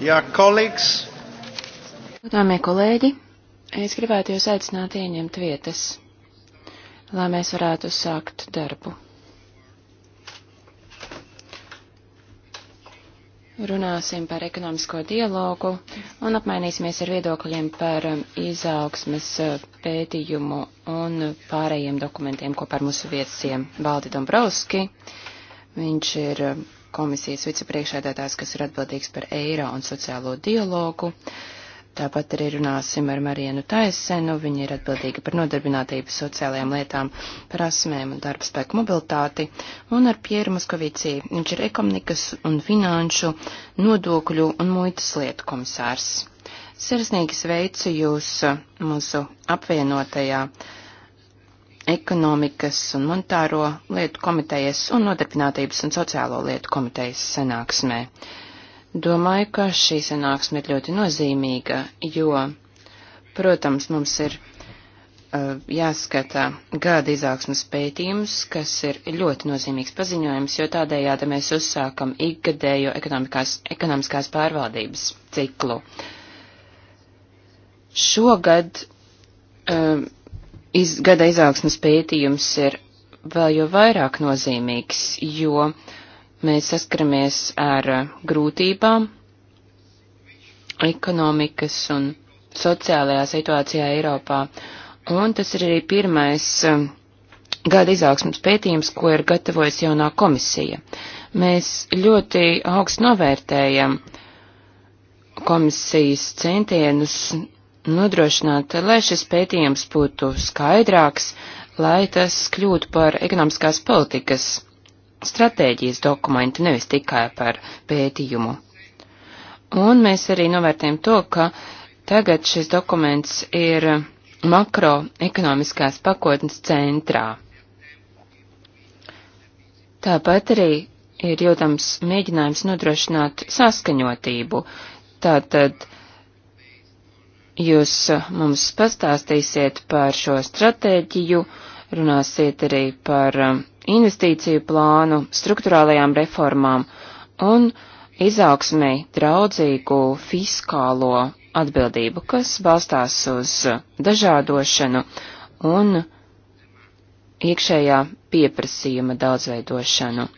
Godāmie kolēģi, es gribētu jūs aicināt ieņemt vietas, lai mēs varētu sākt darbu. Runāsim par ekonomisko dialogu un apmainīsimies ar viedokļiem par um, izaugsmes uh, pētījumu un pārējiem dokumentiem kopā ar mūsu viesiem Valdi Dombrovski. Viņš ir um, komisijas vicepriekšēdētājs, kas ir atbildīgs par eiro un sociālo dialogu. Tāpat arī runāsim ar Marienu Taisenu, viņa ir atbildīga par nodarbinātību sociālajām lietām, prasmēm un darbspēku mobilitāti, un ar Pieru Moskovici, viņš ir ekonomikas un finanšu, nodokļu un muitas lietu komisārs. Sirsnīgi sveicu jūs mūsu apvienotajā uh, ekonomikas un monetāro lietu komitejas un nodarbinātības un sociālo lietu komitejas sanāksmē. Domāju, ka šī sanāksme ir ļoti nozīmīga, jo, protams, mums ir uh, jāskata gada izaugsmas pētījums, kas ir ļoti nozīmīgs paziņojums, jo tādējādi mēs uzsākam ikgadējo ekonomiskās pārvaldības ciklu. Šogad uh, iz, gada izaugsmas pētījums ir vēl jau vairāk nozīmīgs, jo mēs saskaramies ar eh, grūtībām ekonomikas un sociālajā situācijā Eiropā. Un tas ir arī pirmais eh, gada izaugsmas pētījums, ko ir gatavojis jaunā komisija. Mēs ļoti augstu novērtējam komisijas centienus nodrošināt, lai šis pētījums būtu skaidrāks, lai tas kļūtu par ekonomiskās politikas stratēģijas dokumentu, nevis tikai par pētījumu. Un mēs arī novērtējam to, ka tagad šis dokuments ir makroekonomiskās pakotnes centrā. Tāpat arī ir jūtams mēģinājums nodrošināt saskaņotību. Tātad Jūs eh, mums pastāstīsiet par šo stratēģiju, runāsiet arī par eh, investīciju plānu, struktūrālajām reformām un izaugsmei draudzīgu fiskālo atbildību, kas balstās uz eh, dažādošanu un iekšējā pieprasījuma daudzveidošanu.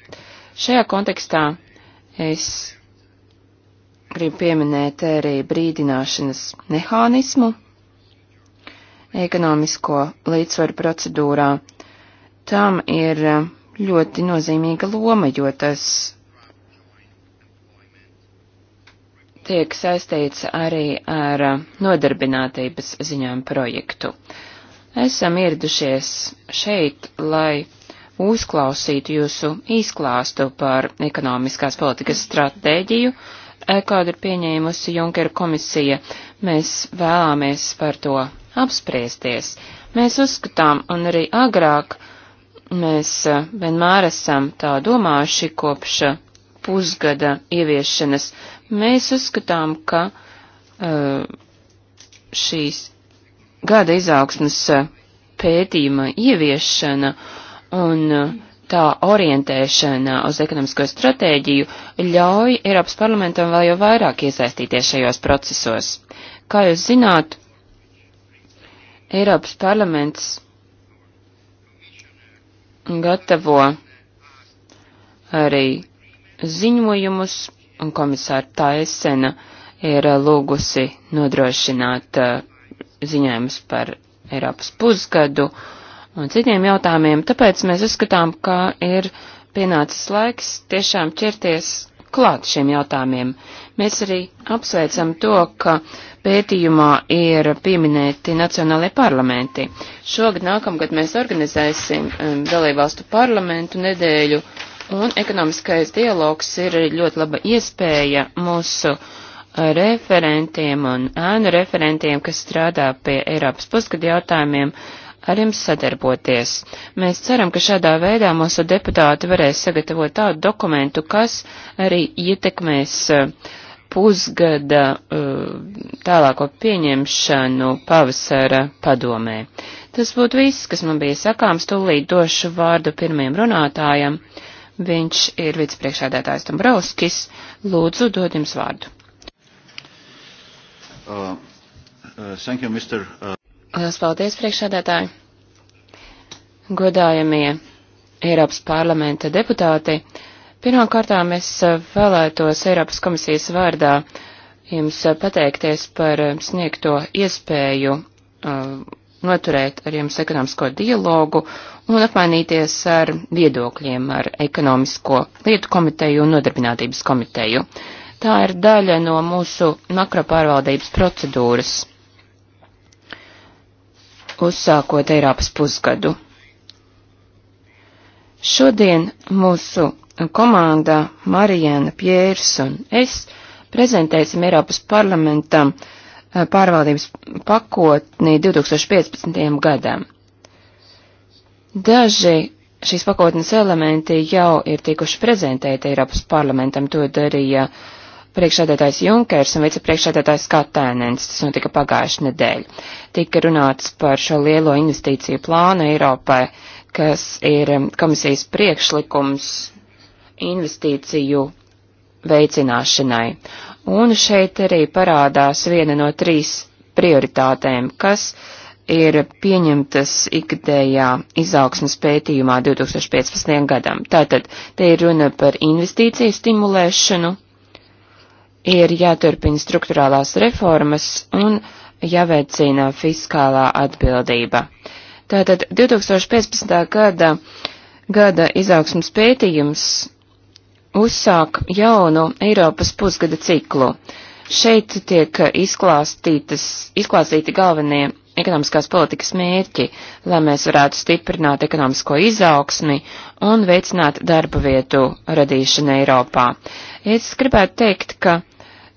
Šajā kontekstā es Gribu pieminēt arī brīdināšanas mehānismu ekonomisko līdzsvaru procedūrā. Tam ir ļoti nozīmīga loma, jo tas tiek saistīts arī ar nodarbinātības ziņām projektu. Esam ieradušies šeit, lai uzklausītu jūsu īsklāstu par ekonomiskās politikas stratēģiju kādu ir pieņēmusi Junkera komisija. Mēs vēlāmies par to apspriesties. Mēs uzskatām, un arī agrāk mēs eh, vienmēr esam tā domājuši kopš eh, pusgada ieviešanas. Mēs uzskatām, ka eh, šīs gada izaugsmas pētījuma ieviešana un uh, tā orientēšana uz ekonomisko stratēģiju ļauj Eiropas parlamentam vēl jau vairāk iesaistīties šajos procesos. Kā jūs zināt, Eiropas parlaments gatavo arī ziņojumus, un komisāra Taisena ir lūgusi nodrošināt uh, ziņojumus par Eiropas pusgadu, uh, un citiem jautājumiem, tāpēc mēs uzskatām, ka ir pienācis laiks tiešām ķerties klāt šiem jautājumiem. Mēs arī apsveicam to, ka pētījumā ir pieminēti nacionālajie parlamenti. Šogad nākamgad mēs organizēsim um, dalībvalstu parlamentu nedēļu, un ekonomiskais dialogs ir ļoti laba iespēja mūsu uh, referentiem un ēnu referentiem, kas strādā pie Eiropas pusgadu jautājumiem, uh, ar jums sadarboties. Mēs ceram, ka šādā veidā mūsu deputāti varēs sagatavot tādu dokumentu, kas arī ietekmēs eh, pusgada eh, tālāko pieņemšanu pavasara padomē. Tas būtu viss, kas man bija sakāms. Tūlīt došu vārdu pirmajam runātājam. Viņš ir vicepriekšādātājs Dombrovskis. Lūdzu, dod jums vārdu. Uh, uh, thank you, Mr. Uh... Lielas paldies, priekšsēdētāji! Godājamie Eiropas parlamenta deputāti! Pirmkārtām es vēlētos Eiropas komisijas vārdā jums pateikties par sniegto iespēju uh, noturēt ar jums ekonomisko dialogu un apmainīties ar viedokļiem ar ekonomisko lietu komiteju un nodarbinātības komiteju. Tā ir daļa no mūsu makropārvaldības procedūras uzsākot Eiropas pusgadu. Šodien mūsu komandā Marijana Piers un es prezentēsim Eiropas parlamentam eh, pārvaldības pakotni 2015. gadam. Daži šīs pakotnes elementi jau ir tikuši prezentēti Eiropas parlamentam, to darīja uh, priekšsēdētājs Junkers un vicepriekšsēdētājs Katēnens, tas notika pagājuši nedēļ. Tika runāts par šo lielo investīciju plānu Eiropai, kas ir um, komisijas priekšlikums investīciju veicināšanai. Un šeit arī parādās viena no trīs prioritātēm, kas ir pieņemtas ikgadējā izaugsmas pētījumā 2015. gadam. Tātad te ir runa par investīciju stimulēšanu, ir jāturpina struktūrālās reformas un jāveicina fiskālā atbildība. Tātad 2015. gada, gada izaugsmas pētījums uzsāk jaunu Eiropas pusgada ciklu. Šeit tiek izklāstīti galvenie ekonomiskās politikas mērķi, lai mēs varētu stiprināt ekonomisko izaugsmi un veicināt darba vietu radīšanu Eiropā. Es gribētu teikt, ka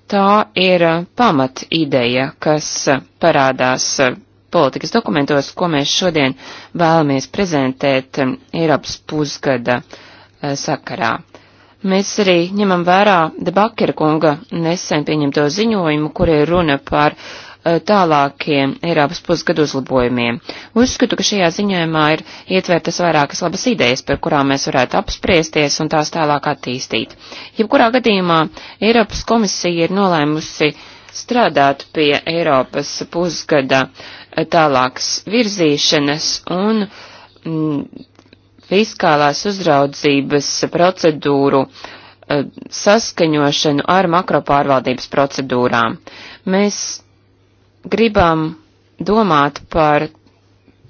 Tā ir uh, pamat ideja, kas uh, parādās uh, politikas dokumentos, ko mēs šodien vēlamies prezentēt um, Eiropas pusgada sakarā. Mēs arī ņemam vērā debakera kunga nesen pieņemto ziņojumu, kur ir runa par uh, Eh, tālākiem Eiropas pusgadu uzlabojumiem. Uzskatu, ka šajā ziņojumā ir ietvērtas vairākas labas idejas, par kurām mēs varētu apspriesties un tās tālāk attīstīt. Jebkurā gadījumā Eiropas komisija ir nolēmusi strādāt pie Eiropas pusgada eh, tālākas virzīšanas un mm, fiskālās uzraudzības procedūru eh, saskaņošanu ar makropārvaldības procedūrām. Mēs gribam domāt par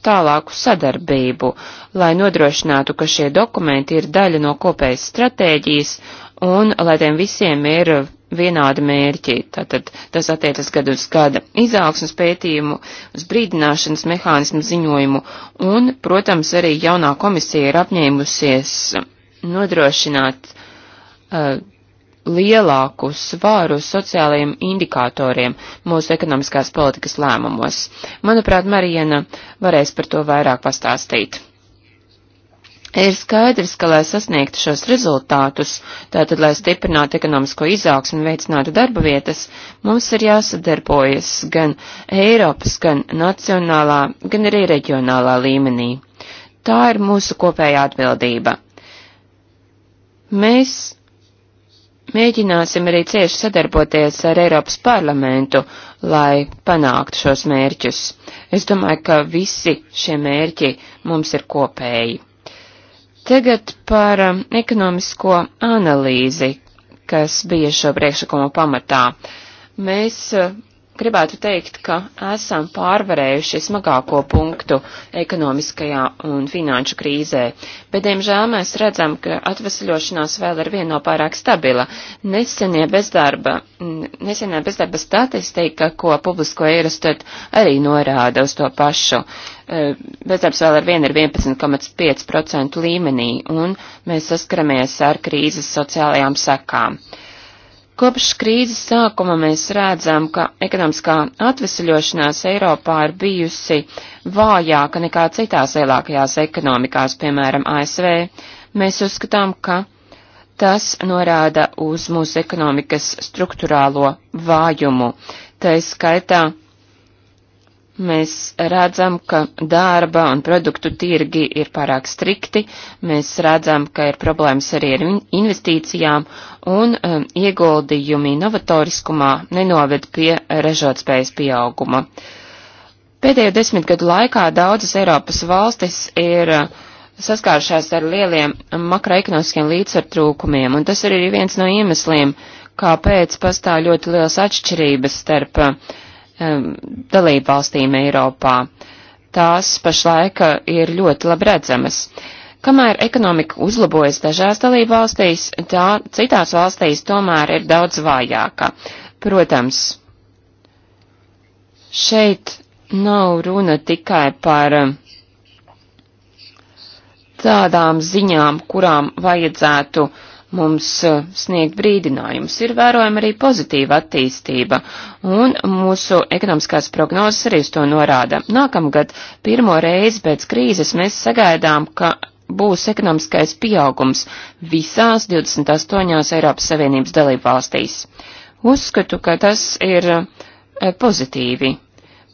tālāku sadarbību, lai nodrošinātu, ka šie dokumenti ir daļa no kopējas stratēģijas un lai tiem visiem ir vienādi mērķi. Tātad tas attiecas gadu uz gada izaugsmas pētījumu, uz brīdināšanas mehānismu ziņojumu un, protams, arī jaunā komisija ir apņēmusies nodrošināt uh, lielāku svāru sociālajiem indikatoriem mūsu ekonomiskās politikas lēmumos. Manuprāt, Marijana varēs par to vairāk pastāstīt. Ir skaidrs, ka, lai sasniegtu šos rezultātus, tātad, lai stiprinātu ekonomisko izaugsmu un veicinātu darba vietas, mums ir jāsadarbojas gan Eiropas, gan nacionālā, gan arī reģionālā līmenī. Tā ir mūsu kopējā atbildība. Mēs Mēģināsim arī cieši sadarboties ar Eiropas parlamentu, lai panāktu šos mērķus. Es domāju, ka visi šie mērķi mums ir kopēji. Tagad par um, ekonomisko analīzi, kas bija šo priekšlikumu pamatā. Mēs uh, gribētu teikt, ka esam pārvarējuši smagāko punktu ekonomiskajā un finanšu krīzē, bet, diemžēl, mēs redzam, ka atvesļošanās vēl ir vieno pārāk stabila. Nesenie bezdarba, nesenie bezdarba statistika, ko publisko ierastot, arī norāda uz to pašu. E, bezdarbs vēl ar vienu ir 11,5% līmenī, un mēs saskaramies ar krīzes sociālajām sekām. Kopš krīzes sākuma mēs redzam, ka ekonomiskā atvesaļošanās Eiropā ir bijusi vājāka nekā citās lielākajās ekonomikās, piemēram, ASV. Mēs uzskatām, ka tas norāda uz mūsu ekonomikas struktūrālo vājumu. Tā ir skaitā Mēs redzam, ka darba un produktu tirgi ir pārāk strikti, mēs redzam, ka ir problēmas arī ar investīcijām, un um, ieguldījumi novatoriskumā nenoved pie ražotspējas pieauguma. Pēdējo desmit gadu laikā daudzas Eiropas valstis ir uh, saskāršās ar lieliem makroekonomiskiem līdzsvartrūkumiem, un tas arī ir viens no iemesliem, kāpēc pastāv ļoti liels atšķirības starp uh, um, dalībvalstīm Eiropā. Tās pašlaika ir ļoti labi redzamas. Kamēr ekonomika uzlabojas dažās dalībvalstīs, tā citās valstīs tomēr ir daudz vājāka. Protams, šeit nav runa tikai par um, tādām ziņām, kurām vajadzētu uh, mums e, sniegt brīdinājumus. Ir vērojama arī pozitīva attīstība, un mūsu ekonomiskās prognozes arī uz to norāda. Nākamgad pirmo reizi pēc krīzes mēs sagaidām, ka būs ekonomiskais pieaugums visās 28 Eiropas Savienības dalību valstīs. Uzskatu, ka tas ir e, pozitīvi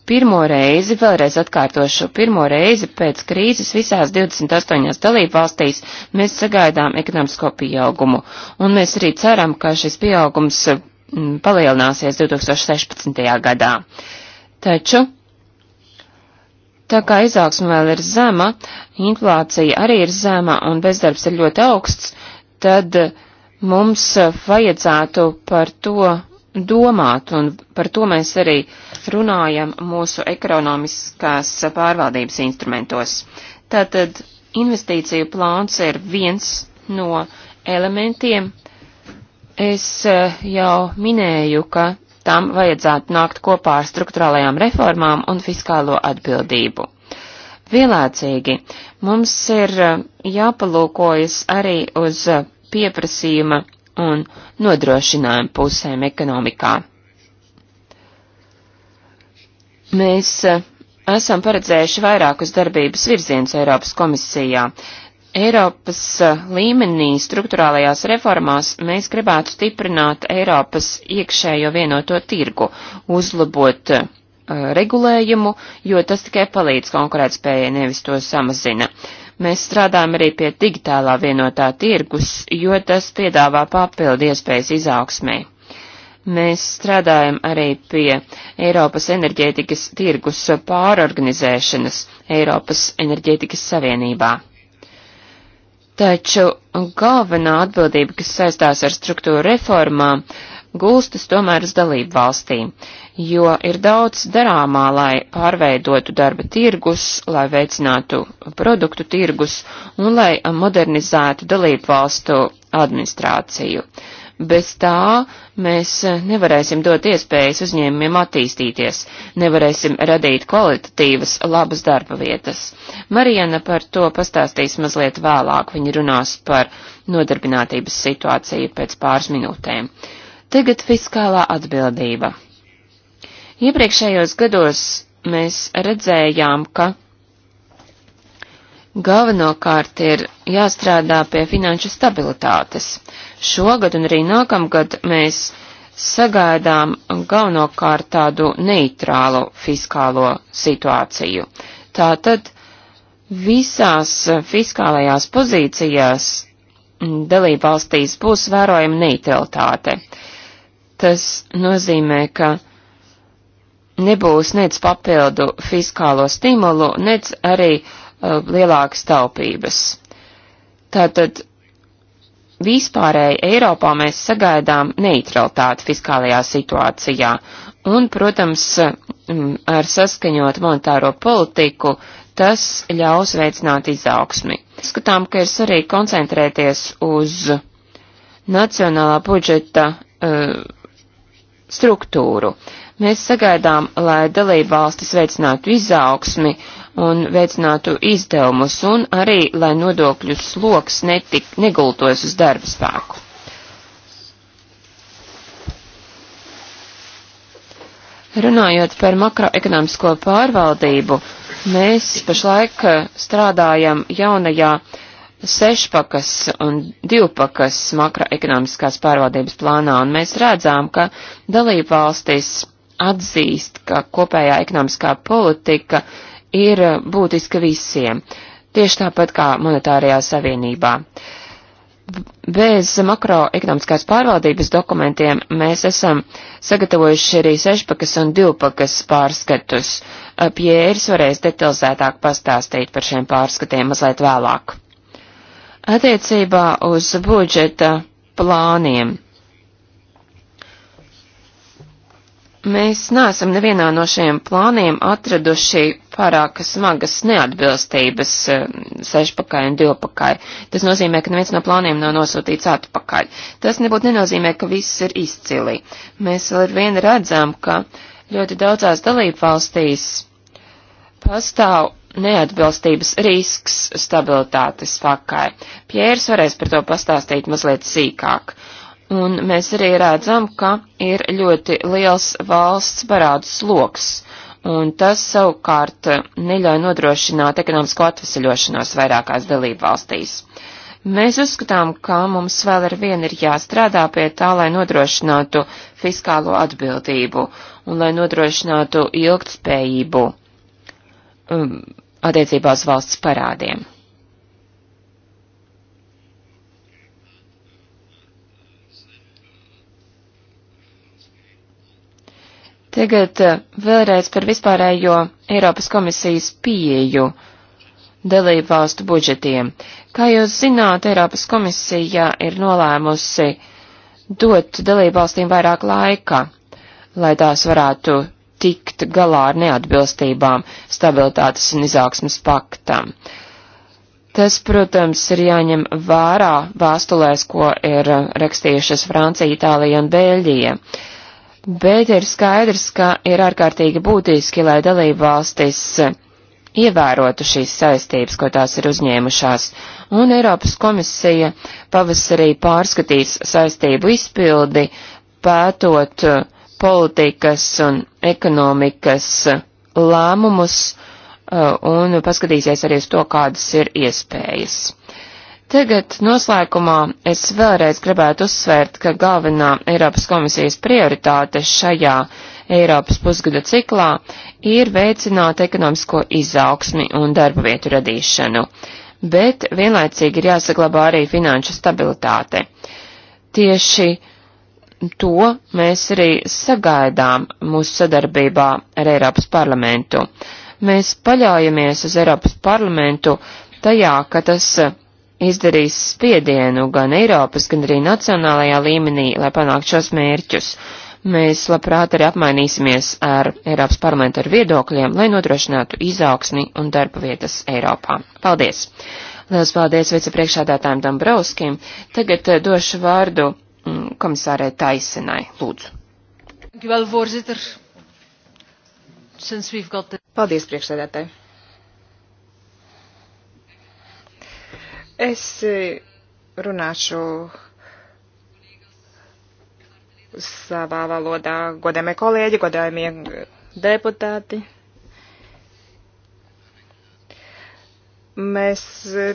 pirmo reizi, vēlreiz atkārtošu, pirmo reizi pēc krīzes visās 28 dalībvalstīs mēs sagaidām ekonomisko pieaugumu, un mēs arī ceram, ka šis pieaugums mm, palielināsies 2016. gadā. Taču, tā kā izaugsme vēl ir zema, inflācija arī ir zema un bezdarbs ir ļoti augsts, tad mums vajadzētu par to domāt, un par to mēs arī runājam mūsu ekonomiskās pārvaldības instrumentos. Tātad investīciju plāns ir viens no elementiem. Es eh, jau minēju, ka tam vajadzētu nākt kopā ar struktūrālajām reformām un fiskālo atbildību. Vienlaicīgi mums ir eh, jāpalūkojas arī uz eh, pieprasījuma un nodrošinājumu pusēm ekonomikā. Mēs eh, esam paredzējuši vairākus darbības virzienus Eiropas komisijā. Eiropas eh, līmenī struktūrālajās reformās mēs gribētu stiprināt Eiropas iekšējo vienoto tirgu, uzlabot uh, regulējumu, jo tas tikai palīdz konkurētspējai, nevis to samazina. Uh, Mēs strādājam arī pie digitālā vienotā tirgus, jo tas piedāvā papildu iespējas izaugsmē. Mēs strādājam arī pie Eiropas enerģētikas tirgus pārorganizēšanas Eiropas enerģētikas savienībā. Taču galvenā atbildība, kas saistās ar struktūru reformām, gulstas tomēr uz dalību valstīm jo ir daudz darāmā, lai pārveidotu darba tirgus, lai veicinātu produktu tirgus un lai modernizētu dalību valstu administrāciju. Bez tā mēs nevarēsim dot iespējas uzņēmumiem attīstīties, nevarēsim radīt kvalitatīvas, labas darba vietas. Marijana par to pastāstīs mazliet vēlāk, viņa runās par nodarbinātības situāciju pēc pāris minūtēm. Tagad fiskālā atbildība. Iepriekšējos gados mēs redzējām, ka galvenokārt ir jāstrādā pie finanšu stabilitātes. Šogad un arī nākamgad mēs sagaidām galvenokārt tādu neitrālu fiskālo situāciju. Tātad visās fiskālajās pozīcijās dalībvalstīs būs vērojama neutralitāte. Tas nozīmē, ka nebūs nec papildu fiskālo stimulu, nec arī uh, lielākas taupības. Tātad vispārēji Eiropā mēs sagaidām neutralitāti fiskālajā situācijā un, protams, mm, ar saskaņot monetāro politiku tas ļaus veicināt izaugsmi. Skatām, ka ir svarīgi koncentrēties uz nacionālā budžeta uh, struktūru. Uh, Mēs sagaidām, lai dalība valstis veicinātu izaugsmi un veicinātu izdevumus un arī, lai nodokļu sloks netik, negultos uz darba spēku. Runājot par makroekonomisko pārvaldību, mēs pašlaik eh, strādājam jaunajā sešpakas un divpakas makroekonomiskās pārvaldības plānā, un mēs redzām, ka dalībvalstis atzīst, ka kopējā ekonomiskā politika ir eh, būtiska visiem, tieši tāpat kā monetārajā savienībā. Bez makroekonomiskās pārvaldības dokumentiem mēs esam sagatavojuši arī sešpakas un divpakas pārskatus. Eh, Pjērs varēs detalizētāk pastāstīt par šiem pārskatiem mazliet vēlāk. Attiecībā uz budžeta plāniem Mēs neesam nevienā no šiem plāniem atraduši pārāk smagas neatbilstības eh, sešpakai un divpakai. Tas nozīmē, ka neviens no plāniem nav nosūtīts atpakaļ. Tas nebūtu nenozīmē, ka viss ir izcili. Mēs vēl ar vienu redzam, ka ļoti daudzās dalībvalstīs pastāv neatbilstības risks stabilitātes pakai. Pjērs varēs par to pastāstīt mazliet sīkāk. Un mēs arī redzam, ka ir ļoti liels valsts parādu sloks, un tas savukārt neļauj nodrošināt ekonomisko atvesaļošanos vairākās dalību valstīs. Mēs uzskatām, ka mums vēl ar vienu ir jāstrādā pie tā, lai nodrošinātu fiskālo atbildību un lai nodrošinātu ilgtspējību um, attiecībā uz valsts parādiem. Tagad eh, vēlreiz par vispārējo Eiropas komisijas pieeju dalību valstu budžetiem. Kā jūs zināt, Eiropas komisija ir nolēmusi dot dalību valstīm vairāk laika, lai tās varētu tikt galā ar neatbilstībām stabilitātes un izaugsmas paktam. Tas, protams, ir jāņem vērā vēstulēs, ko ir rakstījušas Francija, Itālija un Bēļģija. Uh, bet ir skaidrs, ka ir ārkārtīgi būtiski, lai dalībvalstis ievērotu šīs saistības, ko tās ir uzņēmušās, un Eiropas komisija pavasarī pārskatīs saistību izpildi, pētot uh, politikas un ekonomikas uh, lēmumus uh, un paskatīsies arī uz to, kādas ir iespējas. Tagad noslēgumā es vēlreiz gribētu uzsvērt, ka galvenā Eiropas komisijas prioritāte šajā Eiropas pusgada ciklā ir veicināt ekonomisko izaugsmi un darba vietu radīšanu, bet vienlaicīgi ir jāsaglabā arī finanšu stabilitāte. Tieši to mēs arī sagaidām mūsu sadarbībā ar Eiropas parlamentu. Mēs paļaujamies uz Eiropas parlamentu tajā, ka tas izdarīs spiedienu gan Eiropas, gan arī nacionālajā līmenī, lai panāktu šos mērķus. Mēs labprāt arī apmainīsimies ar Eiropas parlamentu ar viedokļiem, lai nodrošinātu izaugsni un darba vietas Eiropā. Paldies! Lielas paldies vicepriekšādātājiem Dombrovskim. Tagad eh, došu vārdu mm, komisārai Taisenai. Lūdzu. Paldies, priekšsēdētāji. Es runāšu savā valodā, godējumie kolēģi, godējumie deputāti. Mēs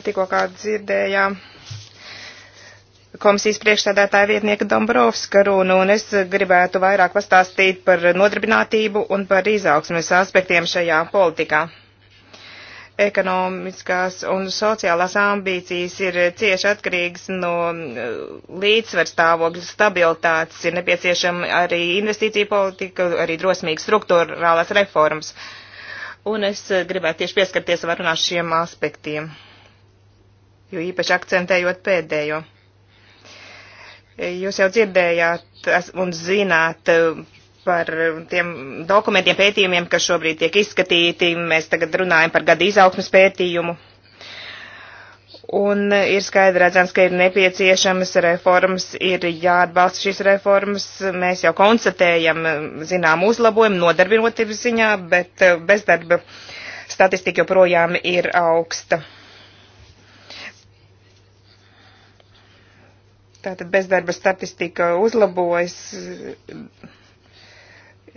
tikko kā dzirdējām komisijas priekšstādātāja vietnieka Dombrovska runu, un es gribētu vairāk pastāstīt par nodarbinātību un par izaugsmes aspektiem šajā politikā ekonomiskās un sociālās ambīcijas ir cieši atkarīgas no mm, līdzsver stāvokļa stabilitātes, ir nepieciešama arī investīcija politika, arī drosmīgas struktūrālās reformas. Un es eh, gribētu tieši pieskarties varunā šiem aspektiem, jo īpaši akcentējot pēdējo. Jūs jau dzirdējāt un zināt eh, par eh, tiem dokumentiem, pētījumiem, kas šobrīd tiek izskatīti. Mēs tagad runājam par gada izaugsmas pētījumu. Un ir skaidri redzams, ka ir nepieciešamas reformas, ir jāatbalsta šīs reformas. Mēs jau konstatējam, eh, zinām, uzlabojumu nodarbinotības ziņā, bet eh, bezdarba statistika joprojām ir augsta. Tātad bezdarba statistika uzlabojas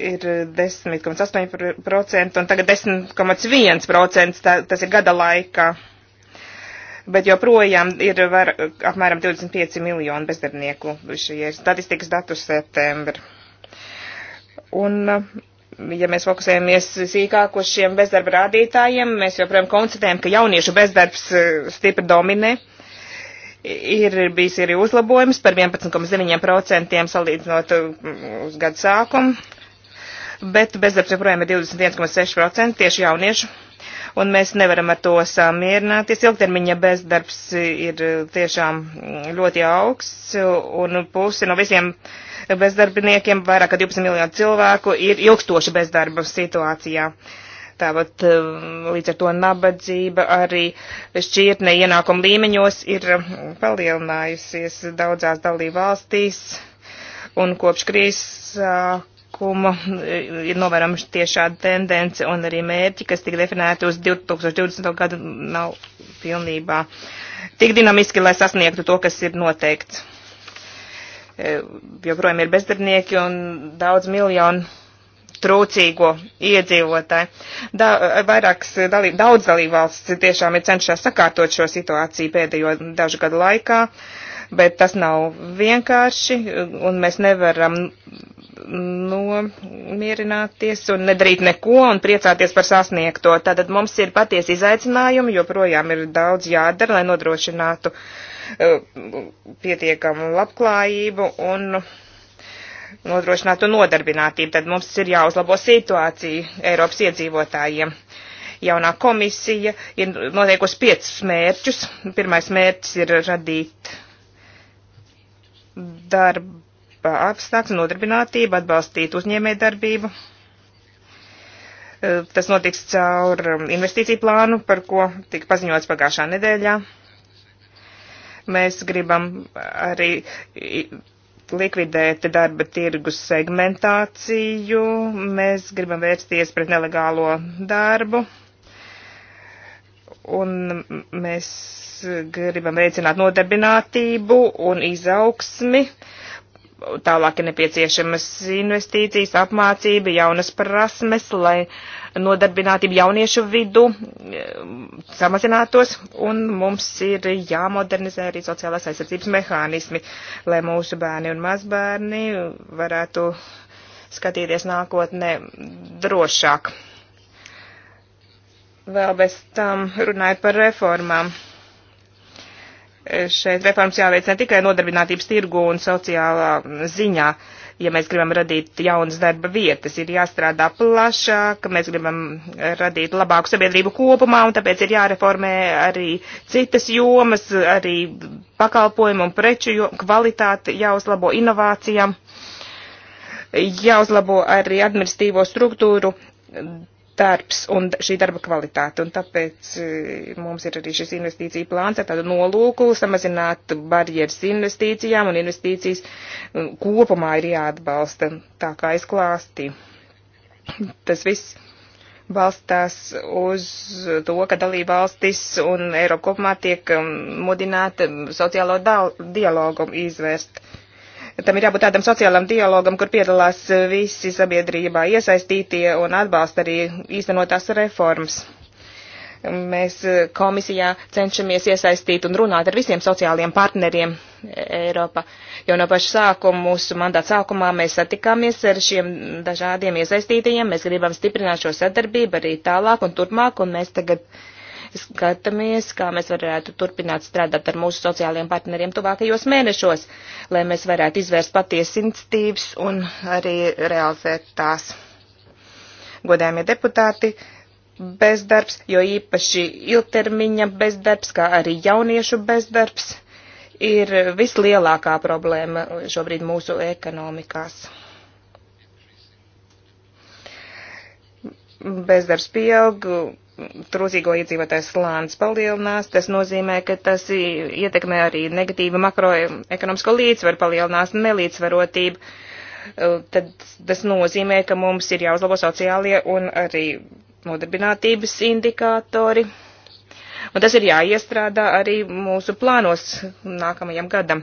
ir 10,8% eh, un tagad 10,1%, tā, tas ir gada laikā. Bet joprojām ir var, apmēram 25 miljoni bezdarbnieku. Šie ir statistikas datus septembra. Un, eh, ja mēs fokusējamies sīkāk uz šiem bezdarba rādītājiem, mēs joprojām konstatējam, ka jauniešu bezdarbs eh, stipri dominē ir bijis arī uzlabojums par 11,9% salīdzinot uz gadu sākumu bet bezdarbs joprojām ir 21,6% tieši jauniešu. Un mēs nevaram ar to samierināties. Ilgtermiņa bezdarbs ir tiešām ļoti augsts, un pusi no visiem bezdarbiniekiem, vairāk kā 12 miljonu cilvēku, ir ilgstoši bezdarba situācijā. Tāpat eh, līdz ar to nabadzība arī šķietne ienākuma līmeņos ir palielinājusies daudzās dalību valstīs. Un kopš krīzes priekšlikuma e, ir novērama tieši šāda tendence un arī mērķi, kas tika definēti uz 2020. gadu, nav pilnībā tik dinamiski, lai sasniegtu to, kas ir noteikts. E, joprojām ir bezdarbnieki un daudz miljonu trūcīgo iedzīvotāju. Da, vairākas dalība, daudz dalībvalsts tiešām ir cenšās sakārtot šo situāciju pēdējo dažu gadu laikā. Uh, bet tas nav vienkārši, un mēs nevaram nomierināties un nedarīt neko un priecāties par sasniegto. Tātad mums ir patiesi izaicinājumi, joprojām ir daudz jādara, lai nodrošinātu uh, pietiekamu labklājību un nodrošinātu nodarbinātību. Tad mums ir jāuzlabo situācija Eiropas iedzīvotājiem jaunā komisija ir noteikusi piecus mērķus. Pirmais mērķis ir radīt darba apstākļi, nodarbinātību, atbalstīt uzņēmē darbību. Eh, tas notiks caur um, investīciju plānu, par ko tika paziņots pagājušā nedēļā. Mēs gribam arī likvidēt darba tirgus segmentāciju, mēs gribam vērsties pret nelegālo darbu un mēs gribam veicināt nodarbinātību un izaugsmi. Tālāk ir nepieciešamas investīcijas, apmācība, jaunas prasmes, lai nodarbinātība jauniešu vidu um, samazinātos, un mums ir jāmodernizē arī sociālās aizsardzības mehānismi, lai mūsu bērni un mazbērni varētu skatīties nākotnē drošāk Vēl bez tam runājot par reformām. Šeit reformas jāveic ne tikai nodarbinātības tirgu un sociālā ziņā. Ja mēs gribam radīt jaunas darba vietas, ir jāstrādā plašāk, mēs gribam radīt labāku sabiedrību kopumā, un tāpēc ir jāreformē arī citas jomas, arī pakalpojumu un preču jom, kvalitāti jāuzlabo inovācijām jāuzlabo arī administrīvo struktūru darbs un šī darba kvalitāte. Un tāpēc e, mums ir arī šis investīcija plāns ar tādu nolūku samazināt barjeras investīcijām un investīcijas kopumā ir jāatbalsta tā kā izklāstīju. Tas viss balstās uz to, ka dalībvalstis un Eiropa kopumā tiek modināta sociālo dialogu izvērst. Uh, tam ir jābūt tādam sociālam dialogam, kur piedalās eh, visi sabiedrībā iesaistītie un atbalsta arī īstenotās reformas. Mēs eh, komisijā cenšamies iesaistīt un runāt ar visiem sociālajiem partneriem eh, Eiropā, jo no paša sākuma, mūsu mandāta sākumā mēs satikāmies ar šiem dažādiem iesaistītajiem. Mēs gribam stiprināt šo sadarbību arī tālāk un turpmāk, un mēs tagad uh, skatāmies, kā mēs varētu turpināt strādāt ar mūsu sociālajiem partneriem tuvākajos mēnešos, lai mēs varētu izvērst patiesas iniciatīvas un arī realizēt tās. Godājumie deputāti, bezdarbs, jo īpaši ilgtermiņa bezdarbs, kā arī jauniešu bezdarbs, ir vislielākā problēma šobrīd mūsu ekonomikās. Bezdarbs pieaug, trūcīgo iedzīvotāju slānis palielinās, tas nozīmē, ka tas ietekmē arī negatīvi makroekonomisko līdzsvaru palielinās nelīdzsvarotību. E, tad tas nozīmē, ka mums ir jāuzlabo sociālie un arī nodarbinātības indikātori. Un tas ir jāiestrādā arī mūsu plānos nākamajam gadam.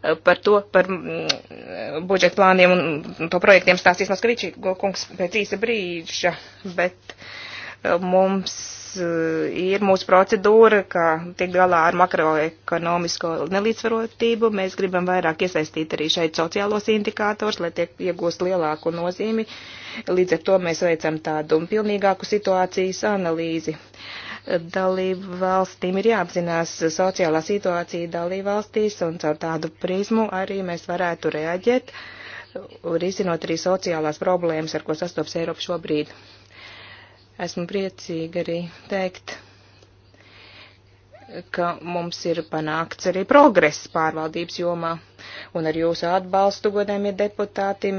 E, par to, par budžeta plāniem un to projektiem stāstīs Moskavičī kungs pēc īsa brīža, bet Mums eh, ir mūsu procedūra, kā tiek galā ar makroekonomisko nelīdzsvarotību. Mēs gribam vairāk iesaistīt arī šeit sociālos indikātors, lai tiek iegūst lielāku nozīmi. Līdz ar to mēs veicam tādu pilnīgāku situācijas analīzi. Dalību valstīm ir jāapzinās sociālā situācija dalību valstīs, un caur tādu prizmu arī mēs varētu reaģēt, risinot arī sociālās problēmas, ar ko sastopas Eiropa šobrīd. Esmu priecīga arī teikt, ka mums ir panākts arī progress pārvaldības jomā. Un ar jūsu atbalstu, godējumie deputāti,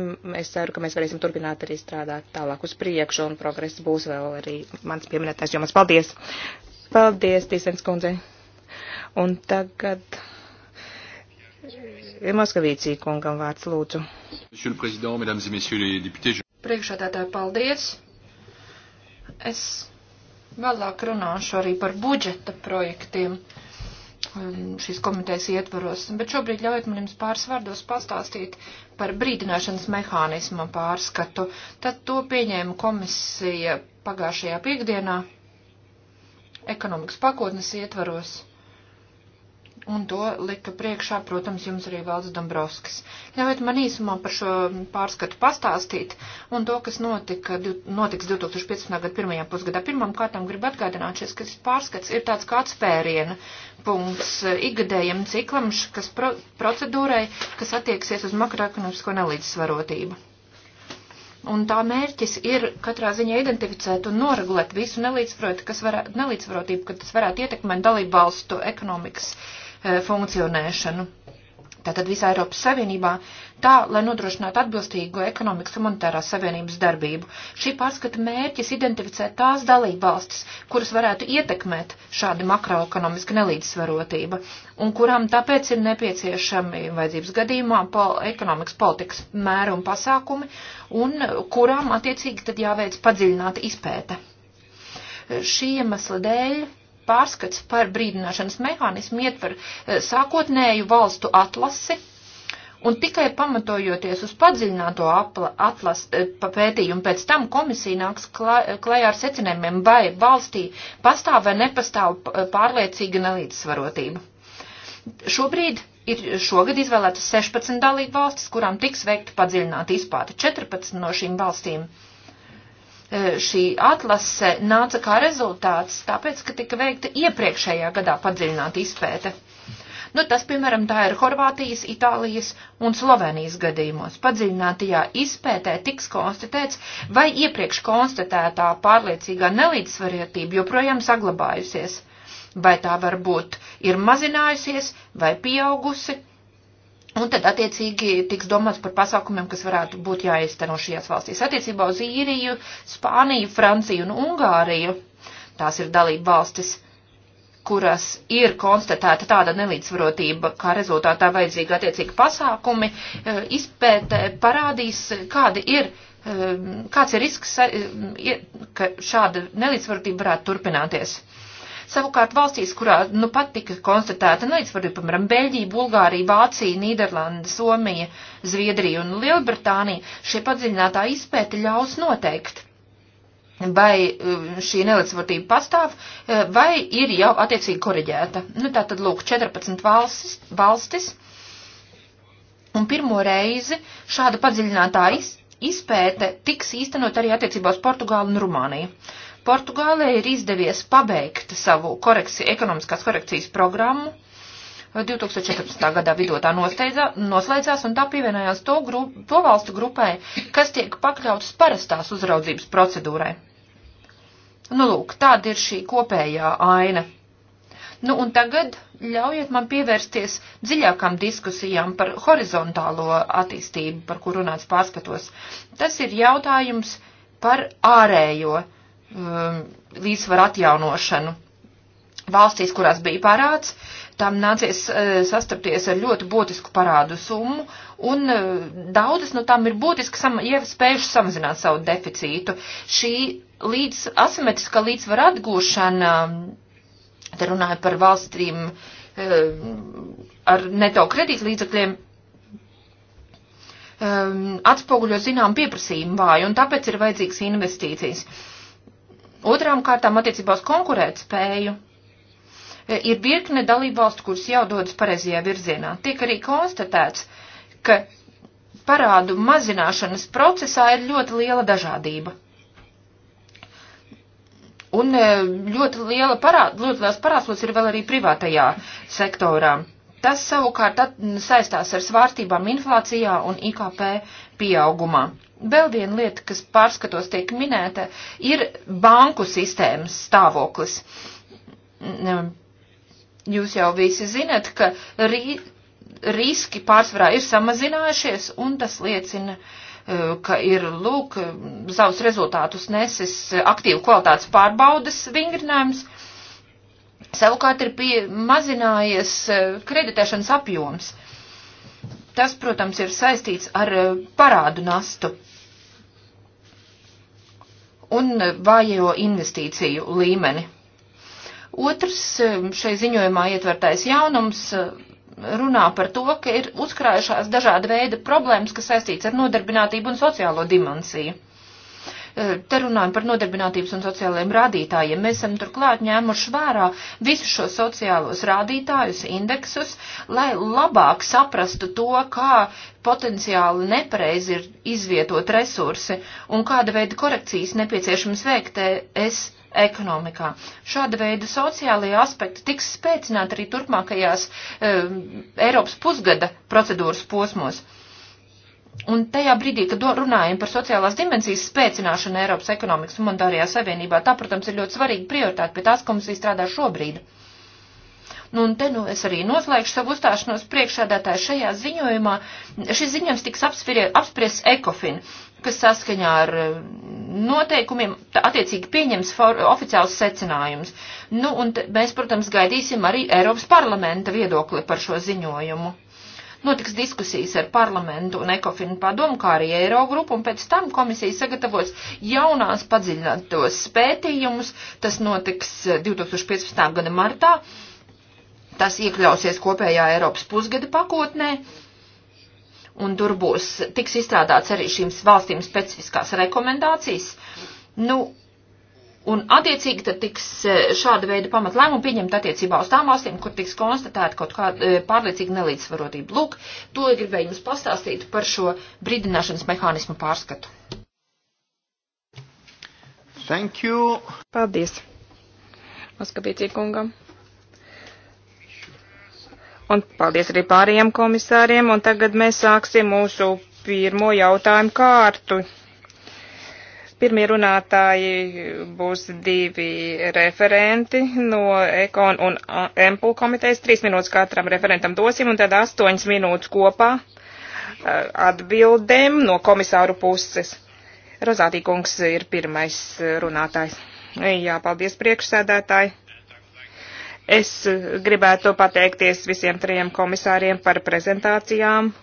es ceru, ka mēs varēsim turpināt arī strādāt tālāk uz priekšu, un progress būs vēl arī mans pieminētais jomas. Paldies! Paldies, Tīsens kundze! Un tagad Moskavīcī kungam vārds lūdzu. Priekšādātāji, paldies! Es vēlāk runāšu arī par budžeta projektiem um, šīs komitejas ietvaros, bet šobrīd ļaujiet man jums pāris vārdos pastāstīt par brīdināšanas mehānismu pārskatu. Tad to pieņēma komisija pagājušajā piekdienā ekonomikas pakotnes ietvaros un to lika priekšā, protams, jums arī Valds Dombrovskis. Ļaujiet man īsumā par šo pārskatu pastāstīt un to, kas notika, notiks 2015. gada pirmajā pusgadā. Pirmam kārtām gribu atgādināt, šis, ka šis pārskats ir tāds kā atspēriena punkts igadējiem ciklam, kas pro, procedūrai, kas attieksies uz makroekonomisko nelīdzsvarotību. Un tā mērķis ir katrā ziņā identificēt un noregulēt visu nelīdzsvarotību, kas varētu, nelīdzsvarotību, kad tas varētu ietekmēt dalību valstu ekonomikas uh, E, funkcionēšanu. Tātad visā Eiropas Savienībā, tā, lai nodrošinātu atbilstīgu ekonomikas un monetārās savienības darbību. Šī pārskata mērķis identificē tās dalībvalstis, kuras varētu ietekmēt šādi makroekonomiska nelīdzsvarotība un kurām tāpēc ir nepieciešami vajadzības gadījumā pol ekonomikas politikas mēru un pasākumi un kurām attiecīgi tad jāveic padziļināta izpēta. Šī iemesla dēļ pārskats par brīdināšanas mehānismu ietver eh, sākotnēju valstu atlasi un tikai pamatojoties uz padziļināto atlas eh, pētījumu, pēc tam komisija nāks klajā ar secinājumiem, vai valstī pastāv vai nepastāv pārliecīga nelīdzsvarotība. Šobrīd ir šogad izvēlētas 16 dalību valstis, kurām tiks veikta padziļināta izpāta. 14 no šīm valstīm uh, E, šī atlase nāca kā rezultāts, tāpēc, ka tika veikta iepriekšējā gadā padziļināta izpēte. Nu, tas, piemēram, tā ir Horvātijas, Itālijas un Slovenijas gadījumos. Padziļinātajā izpētē tiks konstatēts, vai iepriekš konstatētā pārliecīgā nelīdzsvarietība joprojām saglabājusies, vai tā varbūt ir mazinājusies vai pieaugusi, Un tad, attiecīgi, tiks domāts par pasākumiem, kas varētu būt jāizteno šajās valstīs. Attiecībā uz Īriju, Spāniju, Franciju un Ungāriju, tās ir dalība valstis, kuras ir konstatēta tāda nelīdzsvarotība, kā rezultātā vajadzīga attiecīga pasākumi, e, izpētē parādīs, kādi ir e, kāds ir risks, e, ka šāda nelīdzsvarotība varētu turpināties. Savukārt valstīs, kurā nu pat tika konstatēta nelīdzsvarība, nu, piemēram, Beļģija, Bulgārija, Vācija, Nīderlanda, Somija, Zviedrija un Lielbritānija, šie padziļinātā izpēta ļaus noteikt, vai uh, šī nelīdzsvarotība pastāv, uh, vai ir jau attiecīgi koreģēta. Nu, tā tad lūk, 14 valstis, valstis un pirmo reizi šāda padziļinātā iz, izpēte tiks īstenot arī attiecībā uz Portugālu un Rumāniju. Portugālē ir izdevies pabeigt savu koreksi, ekonomiskās korekcijas programmu. 2014. gadā vidū tā nosteidzā, noslēdzās un tā pievienojās to, grup, to valstu grupai, kas tiek pakļautas parastās uzraudzības procedūrai. Nu, lūk, tāda ir šī kopējā aina. Nu, un tagad ļaujiet man pievērsties dziļākām diskusijām par horizontālo attīstību, par kur runāts pārskatos. Tas ir jautājums par ārējo Um, līdzsvaru atjaunošanu. Valstīs, kurās bija parāds, tam nācies uh, sastapties ar ļoti būtisku parādu summu, un uh, daudzas no tām ir būtiski sam spējušas samazināt savu deficītu. Šī līdz asimetriskā līdzsvara atgūšana, te runāju par valstīm uh, ar neto kredītlīdzekļiem, um, atspoguļo zinām pieprasījumu vāju, un tāpēc ir vajadzīgas investīcijas. Otrām kārtām attiecībā uz konkurētspēju ir virkne dalībvalstu, kuras jau dodas pareizajā virzienā. Tiek arī konstatēts, ka parādu mazināšanas procesā ir ļoti liela dažādība. Un e, ļoti, liela parād, ļoti liels parādslots ir vēl arī privātajā sektorā. Tas savukārt saistās ar svārstībām inflācijā un IKP pieaugumā. Vēl viena lieta, kas pārskatos tiek minēta, ir banku sistēmas stāvoklis. Mm, Jūs jau visi zinat, ka rī, riski pārsvarā ir samazinājušies, un tas liecina, e, ka ir, lūk, savus rezultātus nesis aktīvu kvalitātes pārbaudas vingrinājums. Savukārt ir pie, mazinājies e, kreditēšanas apjoms. Tas, protams, ir saistīts ar e, parādu nastu un vājo investīciju līmeni. Otrs um, šai ziņojumā ietvertais jaunums uh, runā par to, ka ir uzkrājušās dažāda veida problēmas, kas saistīts ar nodarbinātību un sociālo dimensiju. Te runājam par nodarbinātības un sociālajiem rādītājiem. Mēs esam turklāt ņēmuši vērā visus šo sociālos rādītājus, indeksus, lai labāk saprastu to, kā potenciāli nepareizi ir izvietot resursi un kāda veida korekcijas nepieciešams veikt es ekonomikā. Šāda veida sociālajie aspekti tiks spēcināti arī turpmākajās e, Eiropas pusgada procedūras posmos. Un tajā brīdī, kad runājam par sociālās dimensijas spēcināšanu Eiropas ekonomikas un monetārajā savienībā, tā, protams, ir ļoti svarīga prioritāte, pie tās komisija strādā šobrīd. Nu, un te nu es arī noslēgšu savu uzstāšanos priekšādātāju šajā ziņojumā. Šis ziņojums tiks apspriests ECOFIN, kas saskaņā ar eh, noteikumiem attiecīgi pieņems for, oficiāls secinājums. Nu, un te, mēs, protams, gaidīsim arī Eiropas parlamenta viedokli par šo ziņojumu. Notiks diskusijas ar parlamentu un ekofinu padomu, kā arī Eirogrupu, un pēc tam komisija sagatavos jaunās padziļinātos pētījumus. Tas notiks 2015. Eh, gada martā. Tas iekļausies kopējā Eiropas pusgada pakotnē un tur būs, tiks izstrādāts arī šīm valstīm specifiskās rekomendācijas. Nu, Un attiecīgi tad tiks e, šāda veida pamatlēmumi pieņemt attiecībā uz tām valstīm, kur tiks konstatēta kaut kāda e, pārliecīga nelīdzsvarotība. Lūk, to gribēju jums pastāstīt par šo brīdināšanas mehānismu pārskatu. Thank you. Paldies. Maskapīcī kungam. Un paldies arī pārējiem komisāriem. Un tagad mēs sāksim mūsu pirmo jautājumu kārtu. Pirmie runātāji būs divi referenti no Ekon un Empul komitejas. Trīs minūtes katram referentam dosim un tad astoņas minūtes kopā atbildēm no komisāru puses. Rozātī kungs ir pirmais runātājs. Jā, paldies priekšsēdētāji. Es gribētu pateikties visiem trijiem komisāriem par prezentācijām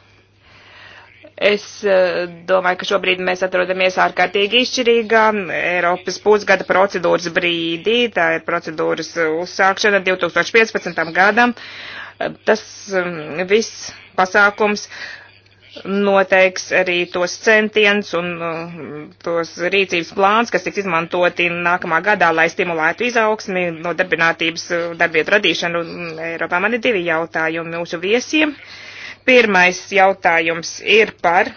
Es eh, domāju, ka šobrīd mēs atrodamies ārkārtīgi izšķirīgā eh, Eiropas pusgada procedūras brīdī. Tā ir procedūras uzsākšana 2015. gadam. Eh, tas mm, viss pasākums noteiks arī tos centiens un mm, tos rīcības plāns, kas tiks izmantoti nākamā gadā, lai stimulētu izaugsmi no darbinātības darbietu radīšanu Eiropā. Man ir divi jautājumi mūsu viesiem. Uh, Pirmais jautājums ir par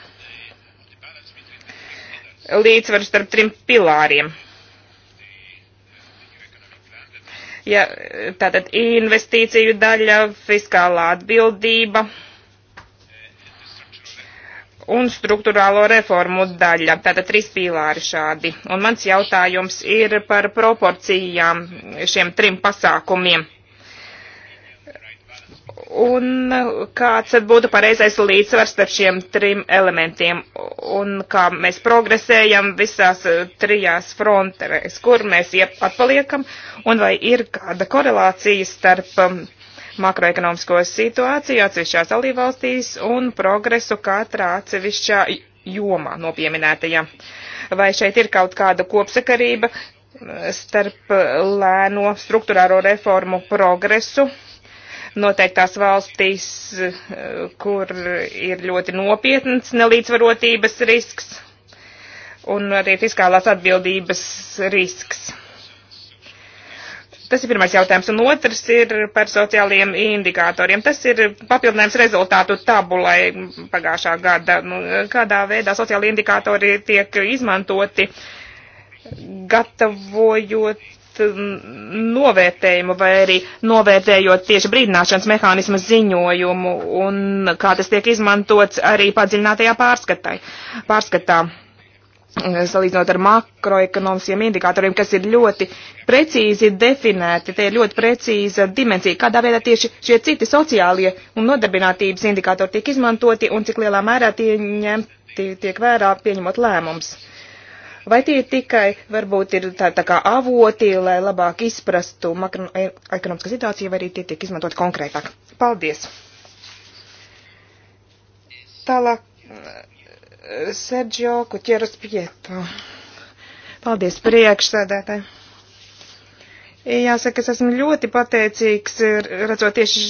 līdzsvaru starp trim pilāriem. Ja, tātad investīciju daļa, fiskālā atbildība un struktūrālo reformu daļa. Tātad trīs pīlāri šādi. Un mans jautājums ir par proporcijām šiem trim pasākumiem Un e, kāds tad būtu pareizais līdzsvars starp šiem trim elementiem un kā mēs progresējam visās e, trijās fronterēs, kur mēs atpaliekam un vai ir kāda korelācija starp makroekonomisko situāciju atsevišķās dalībvalstīs un progresu katrā atsevišķā jomā nopieminētajā. Vai šeit ir kaut kāda kopsakarība starp e, lēno struktūrāro reformu progresu noteiktās valstīs, eh, kur ir ļoti nopietns nelīdzvarotības risks un arī fiskālās atbildības risks. Tas ir pirmais jautājums. Un otrs ir par sociālajiem indikatoriem. Tas ir papildinājums rezultātu tabulai pagājušā gada. Nu, kādā veidā sociālai indikatori tiek izmantoti, gatavojot Mm, novērtējumu vai arī novērtējot tieši brīdināšanas mehānismas ziņojumu un kā tas tiek izmantots arī padziļinātajā pārskatai, pārskatā mm, salīdzinot ar makroekonomiskiem indikatoriem, kas ir ļoti precīzi definēti, te ir ļoti precīza dimensija, kādā veidā tieši šie citi sociālie un nodarbinātības indikatori tiek izmantoti un cik lielā mērā tie ņemti, tiek vērā pieņemot lēmums. Uh, Vai tie tikai varbūt ir tā, tā kā avoti, lai labāk izprastu makroekonomisko e, situāciju, vai arī tie tiek izmantot konkrētāk? Paldies! Tālāk, eh, Sergio Kuķeras Pieto. Paldies priekšsēdētāji! Jāsaka, es esmu ļoti pateicīgs, eh, redzot tieši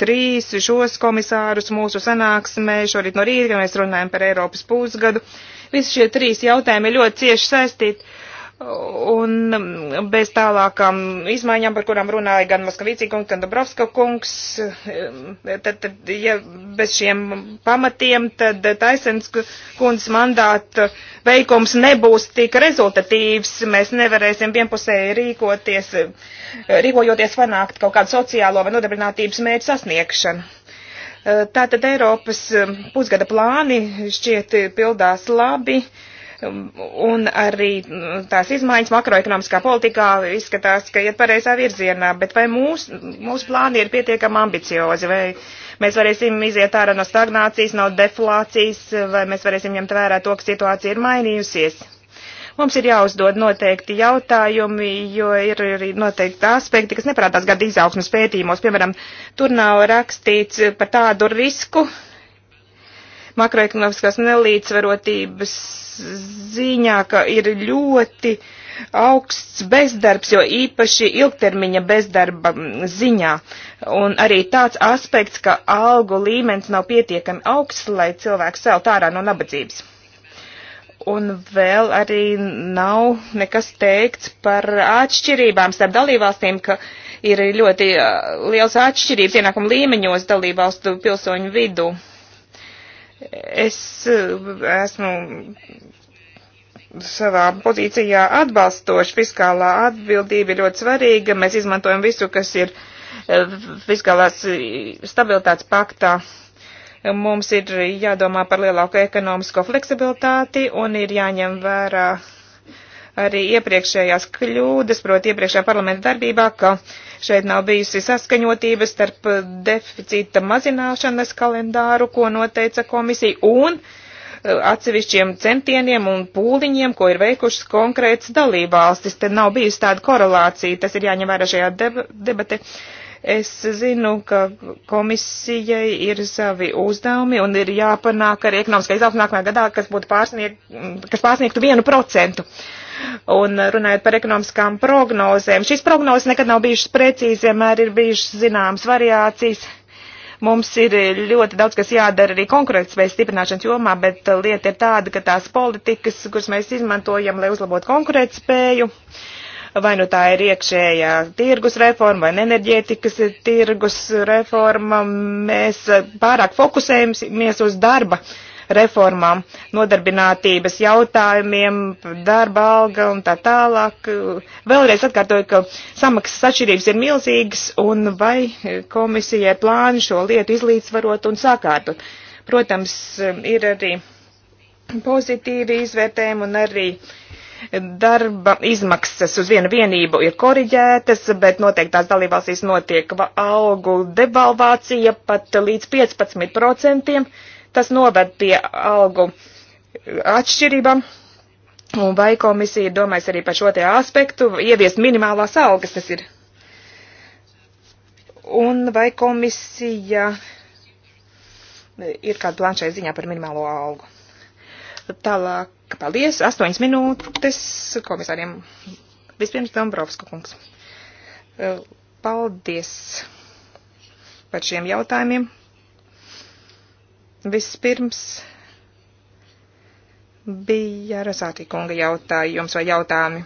trīs šos komisārus mūsu sanāksmē šorīt no rīta, kad mēs runājam par Eiropas pusgadu. Uh, Visi šie trīs jautājumi ir ļoti cieši saistīti. Un bez tālākām izmaiņām, par kurām runāja gan Moskavīcī kungs, gan Dobrovska kungs, tad, tad ja bez šiem pamatiem, tad Taisens kundzes mandāta veikums nebūs tik rezultatīvs. Mēs nevarēsim vienpusēji rīkoties, rīkojoties panākt kaut kādu sociālo vai nodarbinātības mērķu sasniegšanu Eh, tātad Eiropas eh, pusgada plāni šķiet eh, pildās labi, un arī mm, tās izmaiņas makroekonomiskā politikā izskatās, ka iet pareizā virzienā, bet vai mūs, mūsu plāni ir pietiekami ambiciozi, vai mēs varēsim iziet ārā no stagnācijas, no deflācijas, vai mēs varēsim ņemt vērā to, ka situācija ir mainījusies? Mums ir jāuzdod noteikti jautājumi, jo ir arī noteikti aspekti, kas neparādās gada izaugsmas pētījumos. Piemēram, tur nav rakstīts par tādu risku makroekonomiskās nelīdzvarotības ziņā, ka ir ļoti augsts bezdarbs, jo īpaši ilgtermiņa bezdarba ziņā. Un arī tāds aspekts, ka algu līmenis nav pietiekami augsts, lai cilvēks celt ārā no nabadzības. Un vēl arī nav nekas teikts par atšķirībām starp dalībvalstīm, ka ir ļoti uh, liels atšķirības ienākumu līmeņos dalībvalstu pilsoņu vidu. Es uh, esmu savā pozīcijā atbalstoši. Fiskālā atbildība ir ļoti svarīga. Mēs izmantojam visu, kas ir uh, fiskālās stabilitātes paktā. Uh, Mums ir jādomā par lielāku ekonomisko fleksibilitāti un ir jāņem vērā arī iepriekšējās kļūdas, proti iepriekšējā parlamenta darbībā, ka šeit nav bijusi saskaņotība starp deficīta mazināšanas kalendāru, ko noteica komisija, un e, atsevišķiem centieniem un pūliņiem, ko ir veikušas konkrētas dalībvalstis. Te nav bijusi tāda korelācija, tas ir jāņem vērā šajā debate. Es zinu, ka komisijai ir savi uzdevumi un ir jāpanāk arī ekonomiskā izaugsmē nākamajā gadā, kas, būtu pārsniegt, kas pārsniegtu vienu procentu. Un runājot par ekonomiskām prognozēm, šīs prognozes nekad nav bijušas precīzi, vienmēr ir bijušas zināmas variācijas mums ir ļoti daudz, kas jādara arī konkurētspējas stiprināšanas jomā, bet lieta ir tāda, ka tās politikas, kuras mēs izmantojam, lai uzlabotu konkurētspēju, spēju, vai nu tā ir iekšējā tirgus reforma vai enerģētikas tirgus reforma, mēs pārāk fokusējamies uz darba reformām, nodarbinātības jautājumiem, darba alga un tā tālāk. Vēlreiz atkārtoju, ka samaksas atšķirības ir milzīgas un vai komisija ir plāni šo lietu izlīdzvarot un sakārtot. Protams, ir arī pozitīvi izvērtējumi un arī uh, darba izmaksas uz vienu vienību ir koriģētas, bet noteiktās dalībvalstīs notiek algu devalvācija pat līdz 15%. Tas noved pie algu atšķirībām. Un vai komisija ir domājis arī par šo te aspektu, ieviest minimālās algas tas ir? Un vai komisija ir kāda plāna šai ziņā par minimālo algu? Tālāk, paldies, astoņas minūtes komisāriem. Vispirms Dombrovska kungs. E, paldies par šiem jautājumiem. Vispirms bija Rasātī kunga jautājums vai jautājumi.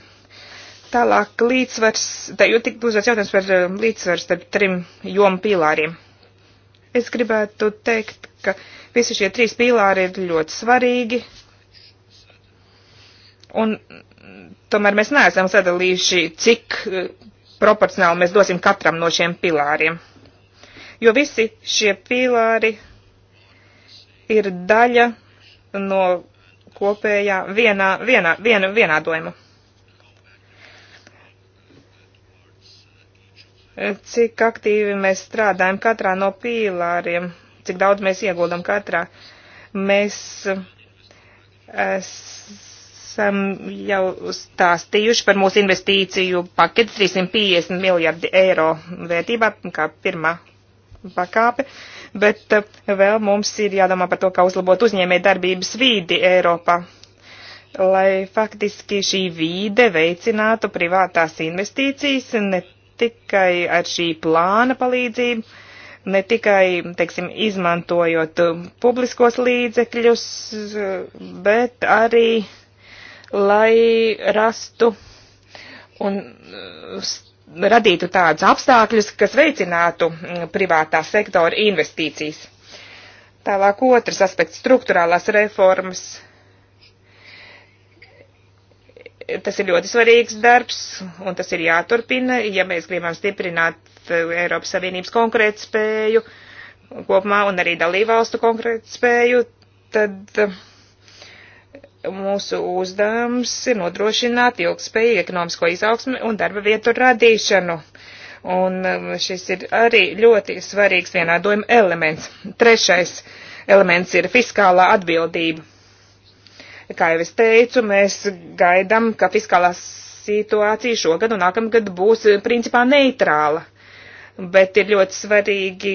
Tālāk līdzsvars, tā jau tik uzdots jautājums par e, līdzsvars starp trim jomu pīlāriem. Es gribētu teikt, ka visi šie trīs pīlāri ir ļoti svarīgi, Un mm, tomēr mēs neesam sadalījuši, cik eh, proporcionāli mēs dosim katram no šiem pilāriem. Jo visi šie pilāri ir daļa no kopējā vienā, vienā, viena, vienādojuma. Eh, cik aktīvi mēs strādājam katrā no pīlāriem, cik daudz mēs ieguldam katrā. Mēs eh, es, esam jau stāstījuši par mūsu investīciju paketu 350 miljardi eiro vērtībā, kā pirmā pakāpe, bet eh, vēl mums ir jādomā par to, kā uzlabot uzņēmē darbības vīdi Eiropā, lai faktiski šī vīde veicinātu privātās investīcijas ne tikai ar šī plāna palīdzību, ne tikai, teiksim, izmantojot publiskos līdzekļus, eh, bet arī lai rastu un eh, radītu tādus apstākļus, kas veicinātu mm, privātā sektora investīcijas. Tālāk otrs aspekts - struktūrālās reformas. Tas ir ļoti svarīgs darbs, un tas ir jāturpina, ja mēs gribam stiprināt eh, Eiropas Savienības konkurētspēju kopumā un arī dalībvalstu konkurētspēju, tad uh, mūsu uzdevums ir nodrošināt ilgspējīgu ekonomisko izaugsmi un darba vietu radīšanu. Un um, šis ir arī ļoti svarīgs vienādojuma elements. Trešais elements ir fiskālā atbildība. Kā jau es teicu, mēs gaidām, ka fiskālā situācija šogad un nākamgad būs principā neitrāla. Bet ir ļoti svarīgi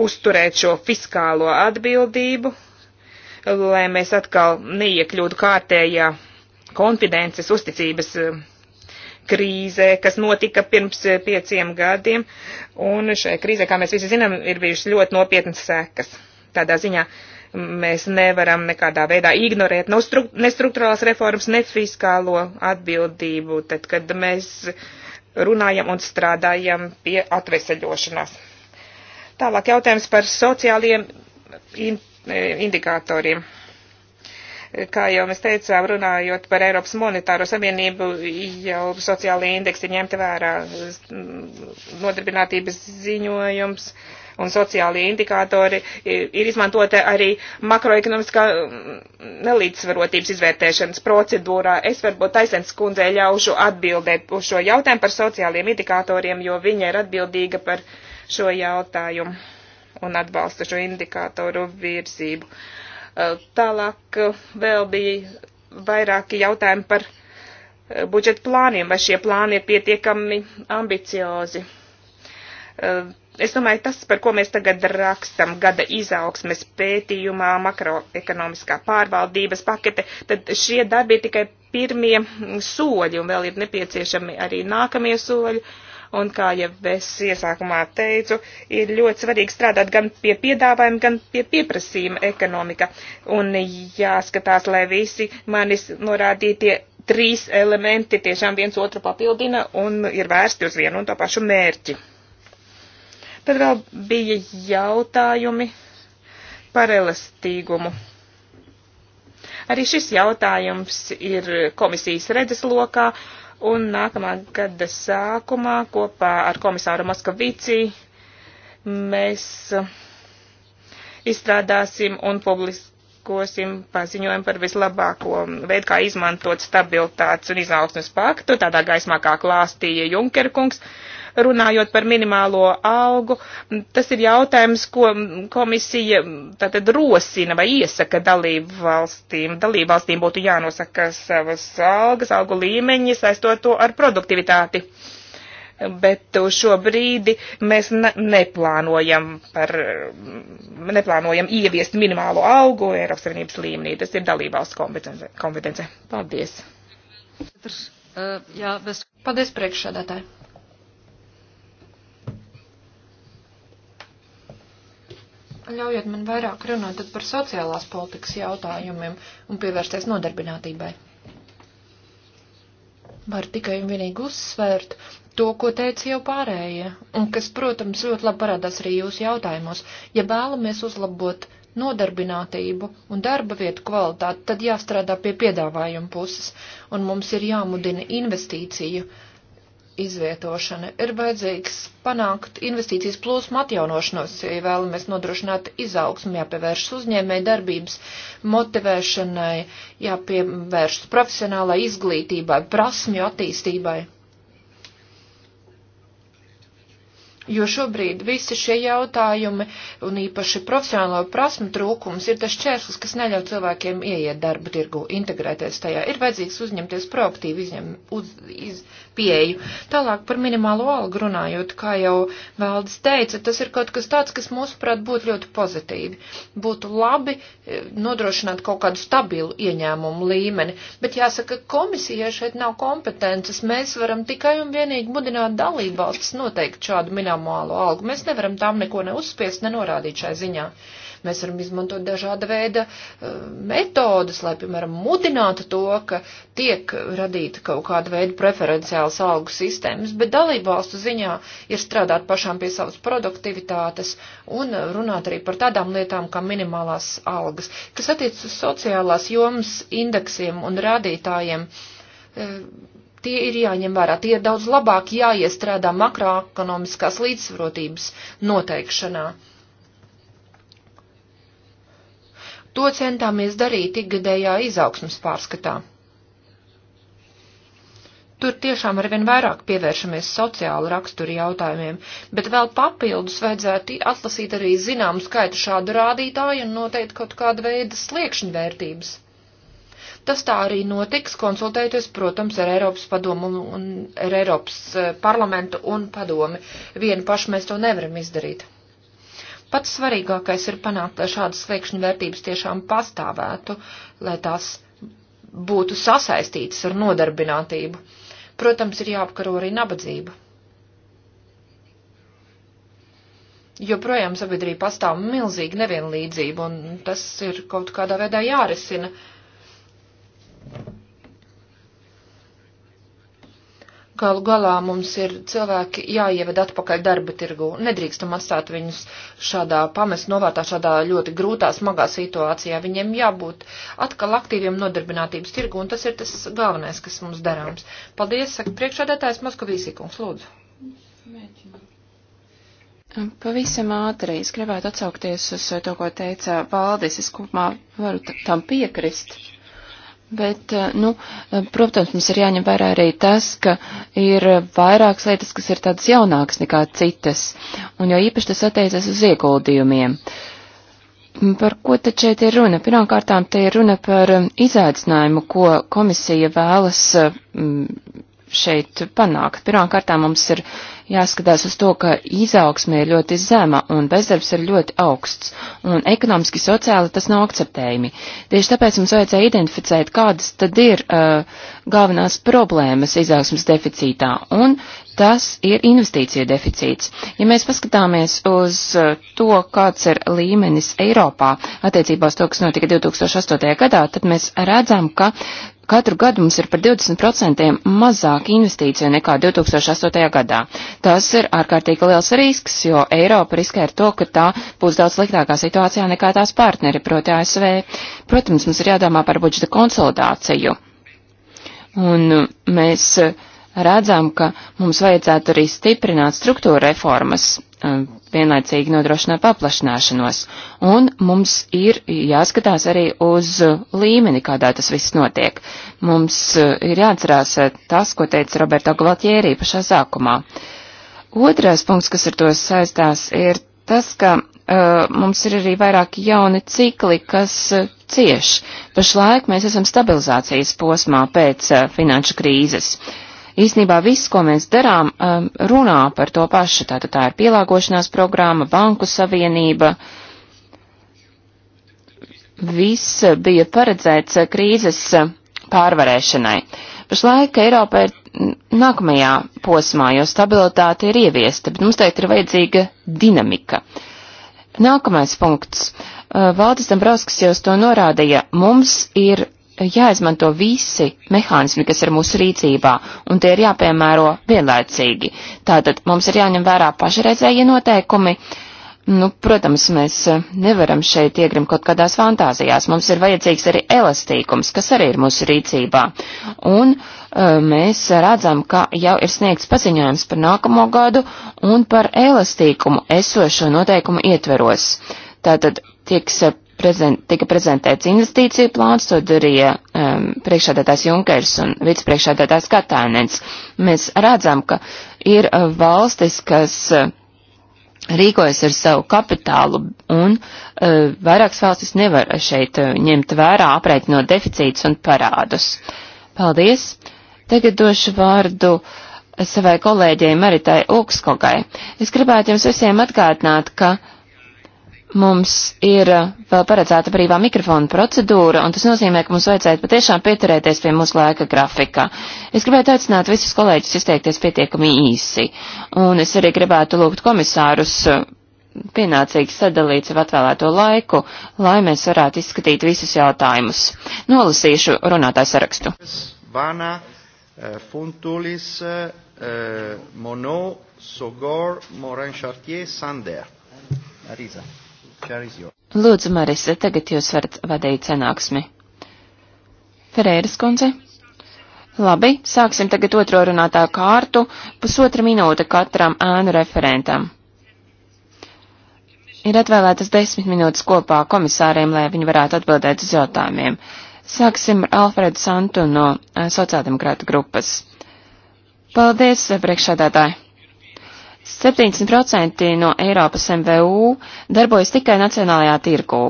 uzturēt šo fiskālo atbildību lai mēs atkal neiekļūtu kārtējā konfidences uzticības e, krīzē, kas notika pirms e, pieciem gadiem, un šajā krīzē, kā mēs visi zinām, ir bijušas ļoti nopietnas sekas. Tādā ziņā mēs nevaram nekādā veidā ignorēt no stru, ne struktūrālās reformas, ne fiskālo atbildību, tad, kad mēs runājam un strādājam pie atveseļošanās. Tālāk jautājums par sociāliem in, E, indikatoriem. Kā jau mēs teicām, runājot par Eiropas monetāro savienību, jau sociālajie indeksi ir ņemti vērā nodarbinātības ziņojums un sociālie indikātori ir izmantoti arī makroekonomiskā nelīdzsvarotības izvērtēšanas procedūrā. Es varbūt taisnēs kundzei ļaušu atbildēt uz šo jautājumu par sociāliem indikātoriem, jo viņa ir atbildīga par šo jautājumu un atbalsta šo indikātoru virzību. Tālāk vēl bija vairāki jautājumi par budžeta plāniem, vai šie plāni ir pietiekami ambiciozi. Es domāju, tas, par ko mēs tagad rakstam, gada izaugsmes pētījumā, makroekonomiskā pārvaldības pakete, tad šie darbi ir tikai pirmie soļi, un vēl ir nepieciešami arī nākamie soļi. Uh, Un kā jau es iesākumā teicu, ir ļoti svarīgi strādāt gan pie piedāvājuma, gan pie pieprasījuma ekonomika. Un jāskatās, lai visi manis norādītie trīs elementi tiešām viens otru papildina un ir vērsti uz vienu un to pašu mērķi. Tad vēl bija jautājumi par elastīgumu. Arī šis jautājums ir komisijas redzeslokā. lokā Un nākamā gada sākumā kopā ar komisāru Moskavici mēs izstrādāsim un publis, publiskosim paziņojumu par vislabāko veidu, kā izmantot stabilitātes un izaugsmes paktu, tādā gaismā kā klāstīja Junkerkungs, runājot par minimālo algu. Tas ir jautājums, ko komisija tātad rosina vai iesaka dalību valstīm. Dalību valstīm būtu jānosaka savas algas, algu līmeņi, saistot to ar produktivitāti. Uh, bet šo brīdi mēs ne, neplānojam, par, neplānojam ieviest minimālo algu Eiropas Savienības līmenī. Tas ir dalībvalsts kompetence. Paldies. Eh, jā, bez... Paldies priekšsēdētāji. Ļaujiet man vairāk runāt par sociālās politikas jautājumiem un pievērsties nodarbinātībai var tikai un vienīgi uzsvērt, to, ko teica jau pārējie, un kas, protams, ļoti labi parādās arī jūsu jautājumos. Ja vēlamies uzlabot nodarbinātību un darba vietu kvalitāti, tad jāstrādā pie piedāvājuma puses, un mums ir jāmudina investīciju izvietošana. Ir vajadzīgs panākt investīcijas plūsmu atjaunošanos, ja vēlamies nodrošināt izaugsmu, jāpievērš uzņēmēji darbības motivēšanai, jāpievērš profesionālai izglītībai, prasmju attīstībai Jo šobrīd visi šie jautājumi un īpaši profesionālo prasmu trūkums ir tas čērslis, kas neļauj cilvēkiem ieiet darba tirgu, integrēties tajā. Ir vajadzīgs uzņemties proaktīvi izņem, uz, iz, pieeju. Tālāk par minimālo algu runājot, kā jau valdes teica, tas ir kaut kas tāds, kas mūsuprāt būtu ļoti pozitīvi. Būtu labi e, nodrošināt kaut kādu stabilu ieņēmumu līmeni, bet jāsaka, komisijai šeit nav kompetences. Mēs varam tikai un vienīgi mudināt dalībvalstis noteikt šādu minimālu minimālo algu. Mēs nevaram tām neko neuzspiest, nenorādīt šai ziņā. Mēs varam izmantot dažāda veida uh, metodas, lai, piemēram, mudinātu to, ka tiek radīta kaut kāda veida preferenciāls algu sistēmas, bet dalībvalstu ziņā ir strādāt pašām pie savas produktivitātes un runāt arī par tādām lietām kā minimālās algas, kas attiec uz sociālās jomas indeksiem un rādītājiem uh, Tie ir jāņem vērā, tie ir daudz labāk jāiestrādā makroekonomiskās līdzsvarotības noteikšanā. To centāmies darīt ikgadējā izaugsmas pārskatā. Tur tiešām arvien vairāk pievēršamies sociāla rakstura jautājumiem, bet vēl papildus vajadzētu atlasīt arī zināmu skaitu šādu rādītāju un noteikt kaut kādu veidu sliekšņu vērtības. Tas tā arī notiks, konsultējoties, protams, ar Eiropas padomu un ar Eiropas eh, parlamentu un padomi. Vienu pašu mēs to nevaram izdarīt. Pats svarīgākais ir panākt, lai šādas sliekšņu vērtības tiešām pastāvētu, lai tās būtu sasaistītas ar nodarbinātību. Protams, ir jāapkaro arī nabadzība. Joprojām sabiedrība pastāv milzīga nevienlīdzība, un tas ir kaut kādā veidā jārisina. Uh, Galu galā mums ir cilvēki jāieved atpakaļ darba tirgu. Nedrīkstam atstāt viņus šādā pamest novārtā, šādā ļoti grūtā, smagā situācijā. Viņiem jābūt atkal aktīviem nodarbinātības tirgu, un tas ir tas galvenais, kas mums darāms. Paldies, saka priekšādētājs Moskavīsīkums, lūdzu. Pavisam ātri, es gribētu atsaukties uz to, ko teica Valdis, es kopumā varu tam piekrist. Bet, eh, nu, eh, protams, mums ir jāņem vērā arī tas, ka ir vairākas lietas, kas ir tādas jaunākas nekā citas, un jau īpaši tas attiecas uz ieguldījumiem. Mm, par ko tad šeit ir runa? Pirmkārtām, te ir runa par eh, izaicinājumu, ko komisija vēlas mm, šeit panākt? Pirmkārt, mums ir jāskatās uz to, ka izaugsme ir ļoti zema un bezdarbs ir ļoti augsts, un ekonomiski sociāli tas nav akceptējami. Tieši tāpēc mums vajadzēja identificēt, kādas tad ir uh, galvenās problēmas izaugsmas deficītā, un tas ir investīciju deficīts. Ja mēs paskatāmies uz uh, to, kāds ir līmenis Eiropā attiecībā uz to, kas notika 2008. gadā, tad mēs redzam, ka katru gadu mums ir par 20% mazāk investīciju nekā 2008. gadā. Tas ir ārkārtīgi liels risks, jo Eiropa riskē ar to, ka tā būs daudz sliktākā situācijā nekā tās partneri, proti ASV. Protams, mums ir jādomā par budžeta konsolidāciju. Un uh, mēs uh, redzam, ka mums vajadzētu arī stiprināt struktūra reformas. Um, vienlaicīgi nodrošināt paplašināšanos, un mums ir jāskatās arī uz līmeni, kādā tas viss notiek. Mums uh, ir jāatcerās uh, tas, ko teica Roberto Gvaltjērī pašā sākumā. Otrais punkts, kas ar to saistās, ir tas, ka uh, mums ir arī vairāki jauni cikli, kas uh, cieš. Pašlaik mēs esam stabilizācijas posmā pēc uh, finanšu krīzes. Uh, īstenībā viss, ko mēs darām, um, runā par to pašu. Tātad tā ir pielāgošanās programma, banku savienība. Viss bija paredzēts krīzes pārvarēšanai. Pašlaik Eiropa ir nākamajā posmā, jo stabilitāte ir ieviesta, bet mums teikt ir vajadzīga dinamika. Nākamais punkts. Uh, Valdis Dambrauskas jau to norādīja. Mums ir jāizmanto visi mehānismi, kas ir mūsu rīcībā, un tie ir jāpiemēro vienlaicīgi. Tātad mums ir jāņem vērā pašreizējie noteikumi. Nu, protams, mēs eh, nevaram šeit iegrim kaut kādās fantāzijās. Mums ir vajadzīgs arī elastīkums, kas arī ir mūsu rīcībā. Un eh, mēs redzam, ka jau ir sniegts paziņojums par nākamo gadu un par elastīkumu esošo noteikumu ietveros. Tātad tieks eh, prezent, tika prezentēts investīciju plāns, to darīja um, priekšādātājs Junkers un vicepriekšādātājs Katānens. Mēs redzam, ka ir uh, valstis, kas uh, rīkojas ar savu kapitālu un uh, vairākas valstis nevar šeit uh, ņemt vērā aprēķinot deficītus un parādus. Paldies! Tagad došu vārdu savai kolēģei Maritai Ulkskogai. Es gribētu jums visiem atgādināt, ka uh, mums ir eh, vēl paredzēta brīvā mikrofona procedūra, un tas nozīmē, ka mums vajadzētu patiešām pieturēties pie mūsu laika grafika. Es gribētu aicināt visus kolēģus izteikties pietiekami īsi, un es arī gribētu lūgt komisārus eh, pienācīgi sadalīt sev atvēlēto laiku, lai mēs varētu izskatīt visus jautājumus. Nolasīšu runātāju sarakstu. Vana, eh, Funtulis, Mono, Sogor, Morin Chartier, Sander. Arisa. Lūdzu, Marisa, tagad jūs varat vadīt sanāksmi. Ferēras kundze. Labi, sāksim tagad otro runātā kārtu, pusotra minūte katram ēnu referentam. Ir atvēlētas desmit minūtes kopā komisāriem, lai viņi varētu atbildēt uz jautājumiem. Sāksim ar Alfredu Santu no eh, sociāldemokrāta grupas. Paldies, priekšsēdētāji! 70% no Eiropas MVU darbojas tikai nacionālajā tirgū.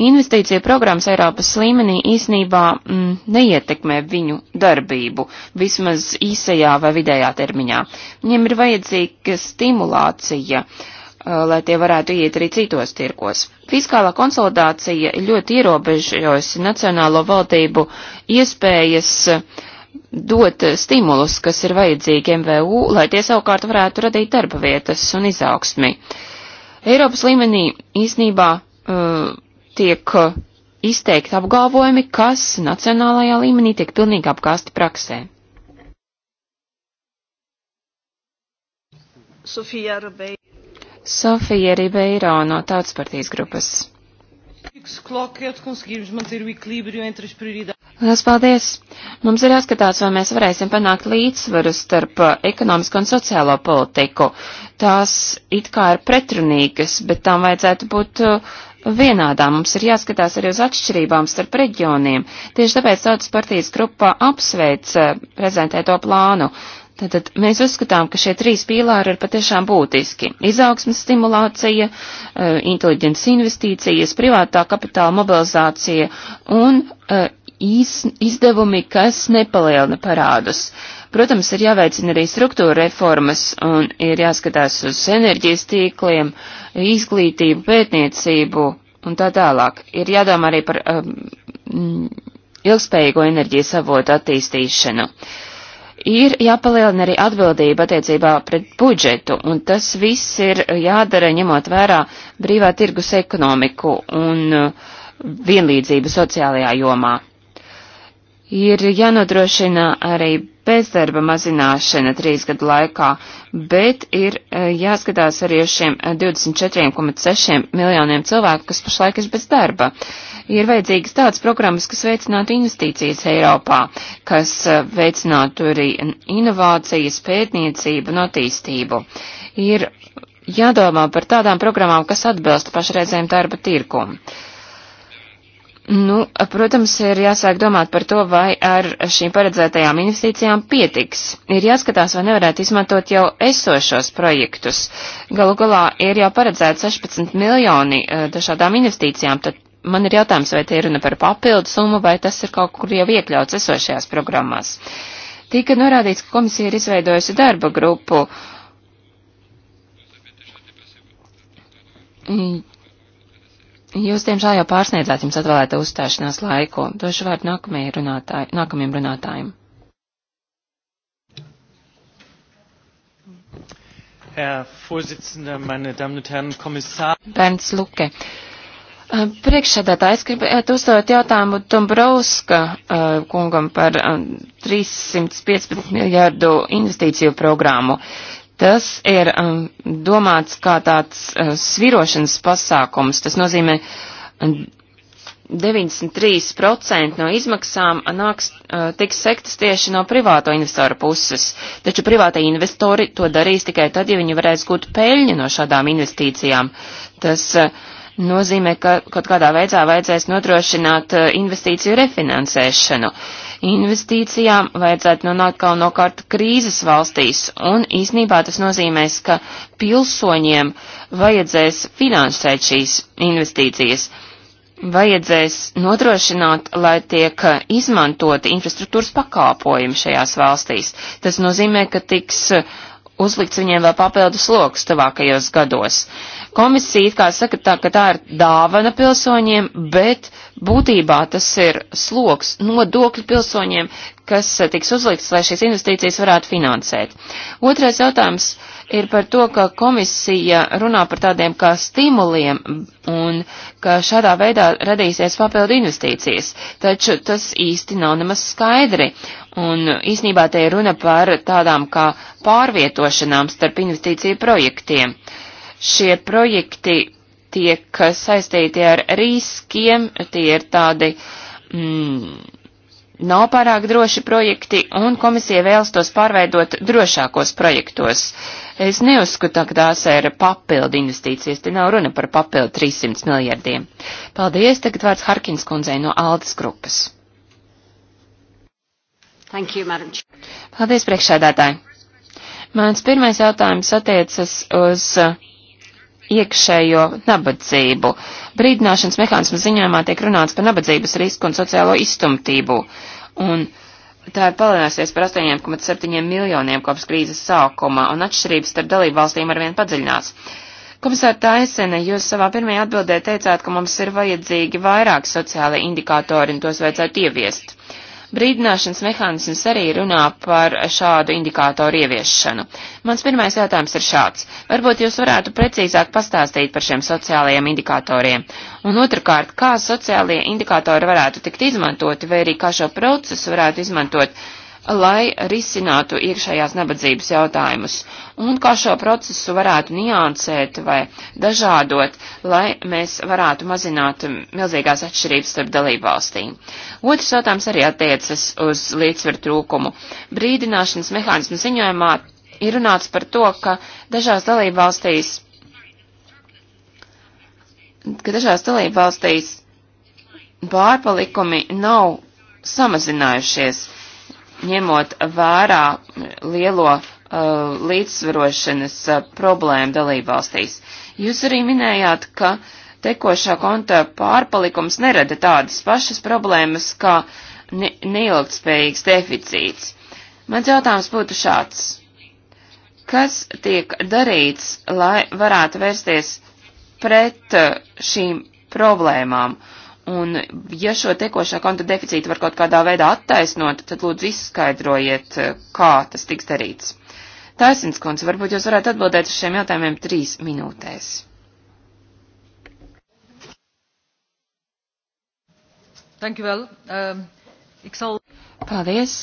Investīcija programmas Eiropas līmenī īsnībā mm, neietekmē viņu darbību, vismaz īsajā vai vidējā termiņā. Viņiem ir vajadzīga stimulācija, uh, lai tie varētu iet arī citos tirgos. Fiskālā konsolidācija ļoti ierobežojusi nacionālo valdību iespējas uh, dot stimulus, kas ir vajadzīgi MVU, lai tie savukārt varētu radīt darba vietas un izaugsmi. Eiropas līmenī īsnībā uh, tiek izteikti apgalvojumi, kas nacionālajā līmenī tiek pilnīgi apgāsti praksē. Sofija Ribeiro no Tautas partijas grupas. Lielas paldies! Mums ir jāskatās, vai mēs varēsim panākt līdzsvaru starp uh, ekonomisko un sociālo politiku. Tās it kā ir pretrunīgas, bet tām vajadzētu būt uh, vienādām. Mums ir jāskatās arī uz atšķirībām starp reģioniem. Tieši tāpēc Tautas partijas grupa apsveic uh, prezentēto plānu. Tātad mēs uzskatām, ka šie trīs pīlāri ir patiešām būtiski. Izaugsmes stimulācija, eh, inteliģents investīcijas, privātā kapitāla mobilizācija un iz, eh, izdevumi, kas nepalielina parādus. Protams, ir jāveicina arī struktūra reformas un ir jāskatās uz enerģijas tīkliem, izglītību, pētniecību un tā tālāk. Ir jādomā arī par um, ilgspējīgo enerģijas avotu attīstīšanu. Uh, Ir jāpalielina arī atbildība attiecībā pret budžetu, un tas viss ir jādara ņemot vērā brīvā tirgus ekonomiku un uh, vienlīdzību sociālajā jomā. Ir jānodrošina arī bezdarba mazināšana trīs gadu laikā, bet ir e, jāskatās arī uz šiem 24,6 e, miljoniem cilvēku, kas pašlaik ir bez darba. Ir vajadzīgas tādas programmas, kas veicinātu investīcijas Eiropā, kas e, veicinātu arī inovācijas, pētniecību un attīstību. Ir jādomā par tādām programmām, kas atbilst pašreizējiem darba tirkumu. Nu, protams, ir jāsāk domāt par to, vai ar šīm paredzētajām investīcijām pietiks. Ir jāskatās, vai nevarētu izmantot jau esošos projektus. Galu galā ir jau paredzēts 16 miljoni eh, dažādām investīcijām, tad man ir jautājums, vai te ir runa par papildu summu, vai tas ir kaut kur jau iekļauts esošajās programmās. Tika norādīts, ka komisija ir izveidojusi darba grupu. Mm Jūs, diemžēl, jau pārsniedzāt jums atvēlēto uzstāšanās laiku. Došu vārdu nākamajai runātāji, nākamajam runātājiem. Herr Vorsitzender, meine Damen und Herren, Kommissar. Bernds Luke. Priekšsēdētājs gribētu uzdot jautājumu Dombrovska uh, kungam par uh, 315 miljārdu investīciju programmu. Uh, Tas ir um, domāts kā tāds uh, svirošanas pasākums. Tas nozīmē, 93% um, no izmaksām uh, nāks, uh, tiks sektas tieši no privāto investoru puses, taču privātie investori to darīs tikai tad, ja viņi varēs gūt peļņu no šādām investīcijām. Tas uh, nozīmē, ka kaut kādā veidā vajadzēs nodrošināt uh, investīciju refinansēšanu. Uh, investīcijām vajadzētu nonākt galvenokārt krīzes valstīs, un īsnībā tas nozīmēs, ka pilsoņiem vajadzēs finansēt šīs investīcijas. Vajadzēs nodrošināt, lai tiek izmantoti infrastruktūras pakāpojumi šajās valstīs. Tas nozīmē, ka tiks uh, uzlikts viņiem vēl papildus lokus tuvākajos gados. Komisija it kā saka tā, ka tā ir dāvana pilsoņiem, bet būtībā tas ir sloks nodokļu pilsoņiem, kas eh, tiks uzlikts, lai šīs investīcijas varētu finansēt. Otrais jautājums. Uh, ir par to, ka komisija runā par tādiem kā stimuliem un ka šādā veidā radīsies papildu investīcijas, taču tas īsti nav nemaz skaidri. Un īsnībā te ir runa par tādām kā pārvietošanām starp investīciju projektiem. Šie projekti tiek saistīti ar riskiem, tie ir tādi. Mm, nav pārāk droši projekti, un komisija vēlas tos pārveidot drošākos projektos. Es neuzskatu, ka tās ir papildu investīcijas, te nav runa par papildu 300 miljardiem. Paldies, tagad vārds Harkins kundzei no Aldas grupas. Thank you, madam. Paldies, priekšsēdētāji. Mans pirmais jautājums attiecas uz. Uh, iekšējo nabadzību. Brīdināšanas mehānismu ziņojumā tiek runāts par nabadzības risku un sociālo iztumtību. Un tā ir palielināsies par 8,7 miljoniem kopš krīzes sākuma, un atšķirības starp dalību valstīm arvien padziļinās. Komisār Taisene, jūs savā pirmajā atbildē teicāt, ka mums ir vajadzīgi vairāk sociālai indikātori un tos vajadzētu ieviest. Uh, Brīdināšanas mehānisms arī runā par šādu indikātoru ieviešanu. Mans pirmais jautājums ir šāds. Varbūt jūs varētu precīzāk pastāstīt par šiem sociālajiem indikatoriem. Un otrkārt, kā sociālie indikatori varētu tikt izmantoti vai arī kā šo procesu varētu izmantot lai risinātu iekšējās nabadzības jautājumus, un kā šo procesu varētu niansēt vai dažādot, lai mēs varētu mazināt milzīgās atšķirības starp dalībvalstīm. Otrs jautājums arī attiecas uz līdzsver trūkumu. Brīdināšanas mehānismu ziņojumā ir runāts par to, ka dažās dalībvalstīs ka dažās dalībvalstīs pārpalikumi nav samazinājušies, ņemot vērā lielo uh, līdzsvarošanas uh, problēmu dalībvalstīs. Jūs arī minējāt, ka tekošā konta pārpalikums nerada tādas pašas problēmas kā ne neilgtspējīgs deficīts. Mans jautājums būtu šāds. Kas tiek darīts, lai varētu vērsties pret uh, šīm problēmām? Uh, Un, ja šo tekošā konta deficītu var kaut kādā veidā attaisnot, tad lūdzu izskaidrojiet, eh, kā tas tiks darīts. Taisins kundze, varbūt jūs varētu atbildēt uz šiem jautājumiem trīs minūtēs. Well. Um, all... Paldies!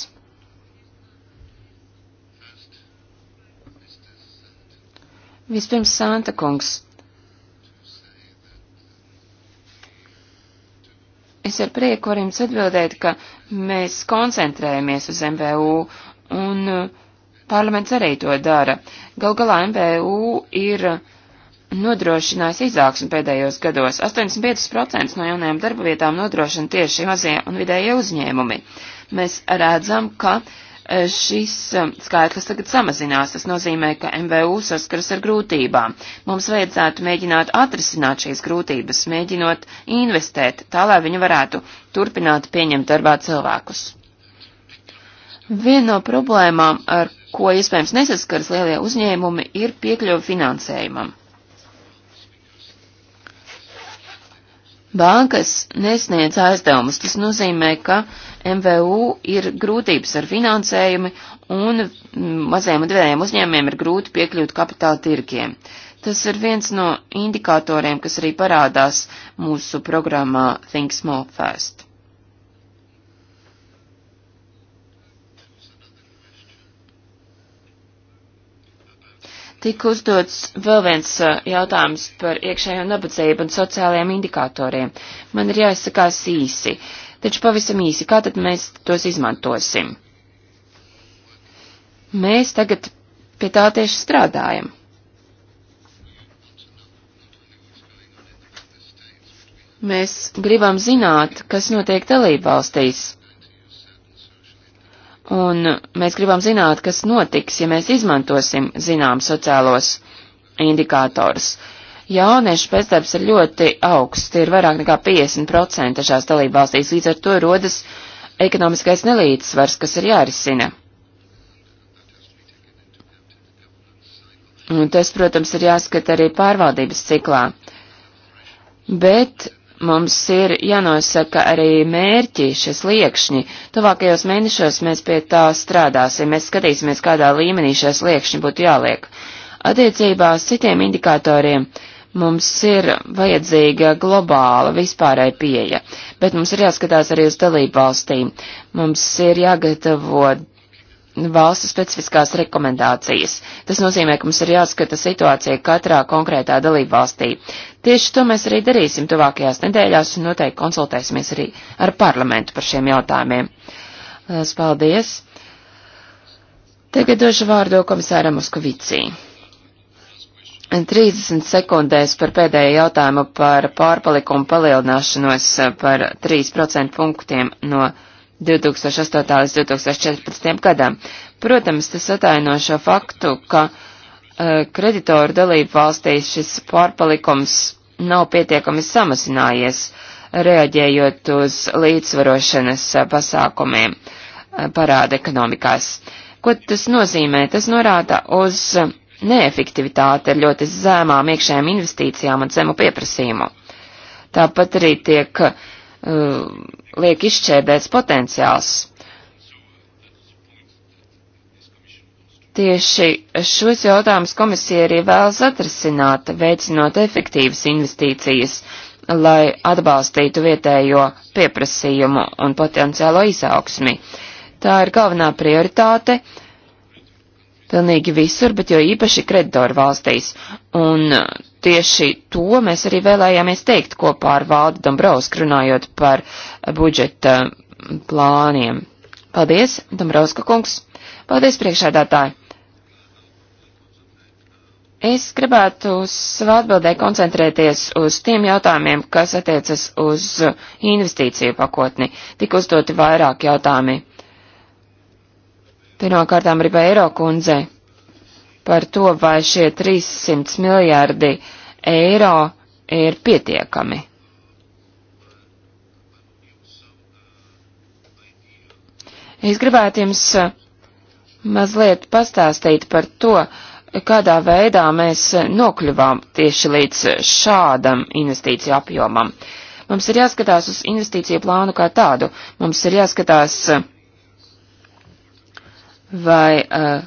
Vispirms Santa kungs. Es ar prieku varu jums atbildēt, ka mēs koncentrējamies uz MVU un uh, parlaments arī to dara. Gal galā MVU ir uh, nodrošinājis izaugsmu pēdējos gados. 85% no jaunajām darba vietām nodrošina tieši mazie un vidējie uzņēmumi. Mēs redzam, ka uh, Eh, šis eh, skaitlis tagad samazinās. Tas nozīmē, ka MVU saskaras ar grūtībām. Mums vajadzētu mēģināt atrisināt šīs grūtības, mēģinot investēt, tā lai viņi varētu turpināt pieņemt darbā cilvēkus. Viena no problēmām, ar ko iespējams nesaskaras lielie uzņēmumi, ir piekļuva finansējumam. Bankas nesniedz aizdevumus, tas nozīmē, ka MVU ir grūtības ar finansējumu un mazajiem un vidējiem uzņēmiem ir grūti piekļūt kapitāla tirkiem. Tas ir viens no indikatoriem, kas arī parādās mūsu programmā Think Small Fast. Tika uzdots vēl viens uh, jautājums par iekšējo nabadzību un sociālajiem indikatoriem. Man ir jāizsakās īsi, taču pavisam īsi, kā tad mēs tos izmantosim? Mēs tagad pie tā tieši strādājam. Mēs gribam zināt, kas notiek dalībvalstīs. Un mēs gribam zināt, kas notiks, ja mēs izmantosim zinām sociālos indikātors. Jauniešu bezdarbs ir ļoti augsts, ir vairāk nekā 50% šās dalībvalstīs, līdz ar to rodas ekonomiskais nelīdzsvars, kas ir jārisina. Un tas, protams, ir jāskata arī pārvaldības ciklā. Bet Mums ir jānosaka arī mērķi, šis liekšņi. Tuvākajos mēnešos mēs pie tā strādāsim, mēs skatīsimies, kādā līmenī šie liekšņi būtu jāliek. Attiecībā uz citiem indikatoriem mums ir vajadzīga globāla vispārēja pieeja, bet mums ir jāskatās arī uz dalību valstīm. Mums ir jāgatavo valstu specifiskās rekomendācijas. Tas nozīmē, ka mums ir jāskata situācija katrā konkrētā dalību valstī. Tieši to mēs arī darīsim tuvākajās nedēļās un noteikti konsultēsimies arī ar parlamentu par šiem jautājumiem. Lielas paldies! Tagad došu vārdu komisāram Uskavicī. 30 sekundēs par pēdējo jautājumu par pārpalikumu palielināšanos par 3% punktiem no 2008. līdz 2014. gadam. Protams, tas ataino šo faktu, ka uh, kreditoru dalību valstīs šis pārpalikums nav pietiekami samazinājies, reaģējot uz līdzsvarošanas uh, pasākumiem uh, parāda ekonomikās. Ko tas nozīmē? Tas norāda uz neefektivitāti ar ļoti zemām iekšējām investīcijām un zemu pieprasījumu. Tāpat arī tiek uh, Uh, liek izšķērdēts potenciāls. Tieši šos jautājumus komisija arī vēlas atrisināt, veicinot efektīvas investīcijas, lai atbalstītu vietējo pieprasījumu un potenciālo izaugsmi. Tā ir galvenā prioritāte pilnīgi visur, bet jo īpaši kreditoru valstīs, un uh, tieši to mēs arī vēlējāmies teikt kopā ar Valdi Dombrovsk runājot par budžeta plāniem. Paldies, Dombrovska kungs! Paldies, priekšādātāji! Es gribētu savā atbildē koncentrēties uz tiem jautājumiem, kas attiecas uz investīciju pakotni. Tik uzdoti vairāk jautājumi. Pirmkārtām arī Eiro kundzei par to, vai šie 300 miljārdi eiro ir pietiekami. Es gribētu jums eh, mazliet pastāstīt par to, kādā veidā mēs nokļuvām tieši līdz šādam investīciju apjomam. Mums ir jāskatās uz investīciju plānu kā tādu. Mums ir jāskatās, eh, vai uh,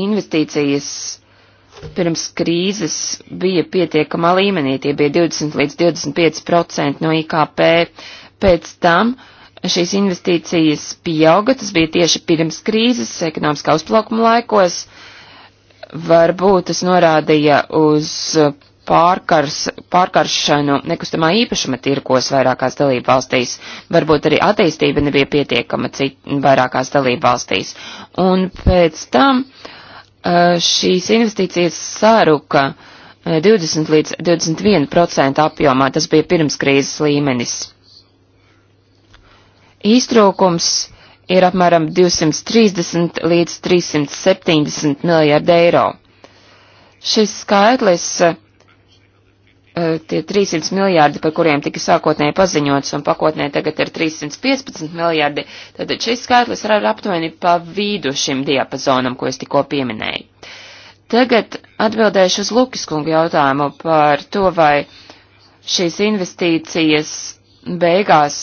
investīcijas pirms krīzes bija pietiekamā līmenī, tie bija 20 līdz 25 procenti no IKP. Pēc tam šīs investīcijas pieauga, tas bija tieši pirms krīzes, ekonomiskā uzplaukuma laikos. Varbūt tas norādīja uz pārkars, pārkaršanu nekustamā īpašuma tirkos vairākās dalību valstīs. Varbūt arī attīstība nebija pietiekama cit, vairākās dalību valstīs. Un pēc tam uh, Eh, šīs investīcijas sāruka 20 eh, līdz 21% apjomā, tas bija pirms krīzes līmenis. Īstrūkums ir apmēram 230 līdz 370 miljārdi eiro. Šis skaitlis uh, Eh, tie 300 miljārdi, par kuriem tika sākotnēji paziņots, un pakotnē tagad ir 315 miljārdi, tad šis skaitlis ir aptuveni pa vidu šim diapazonam, ko es tikko pieminēju. Tagad atbildēšu uz Lukiskungu jautājumu par to, vai šīs investīcijas beigās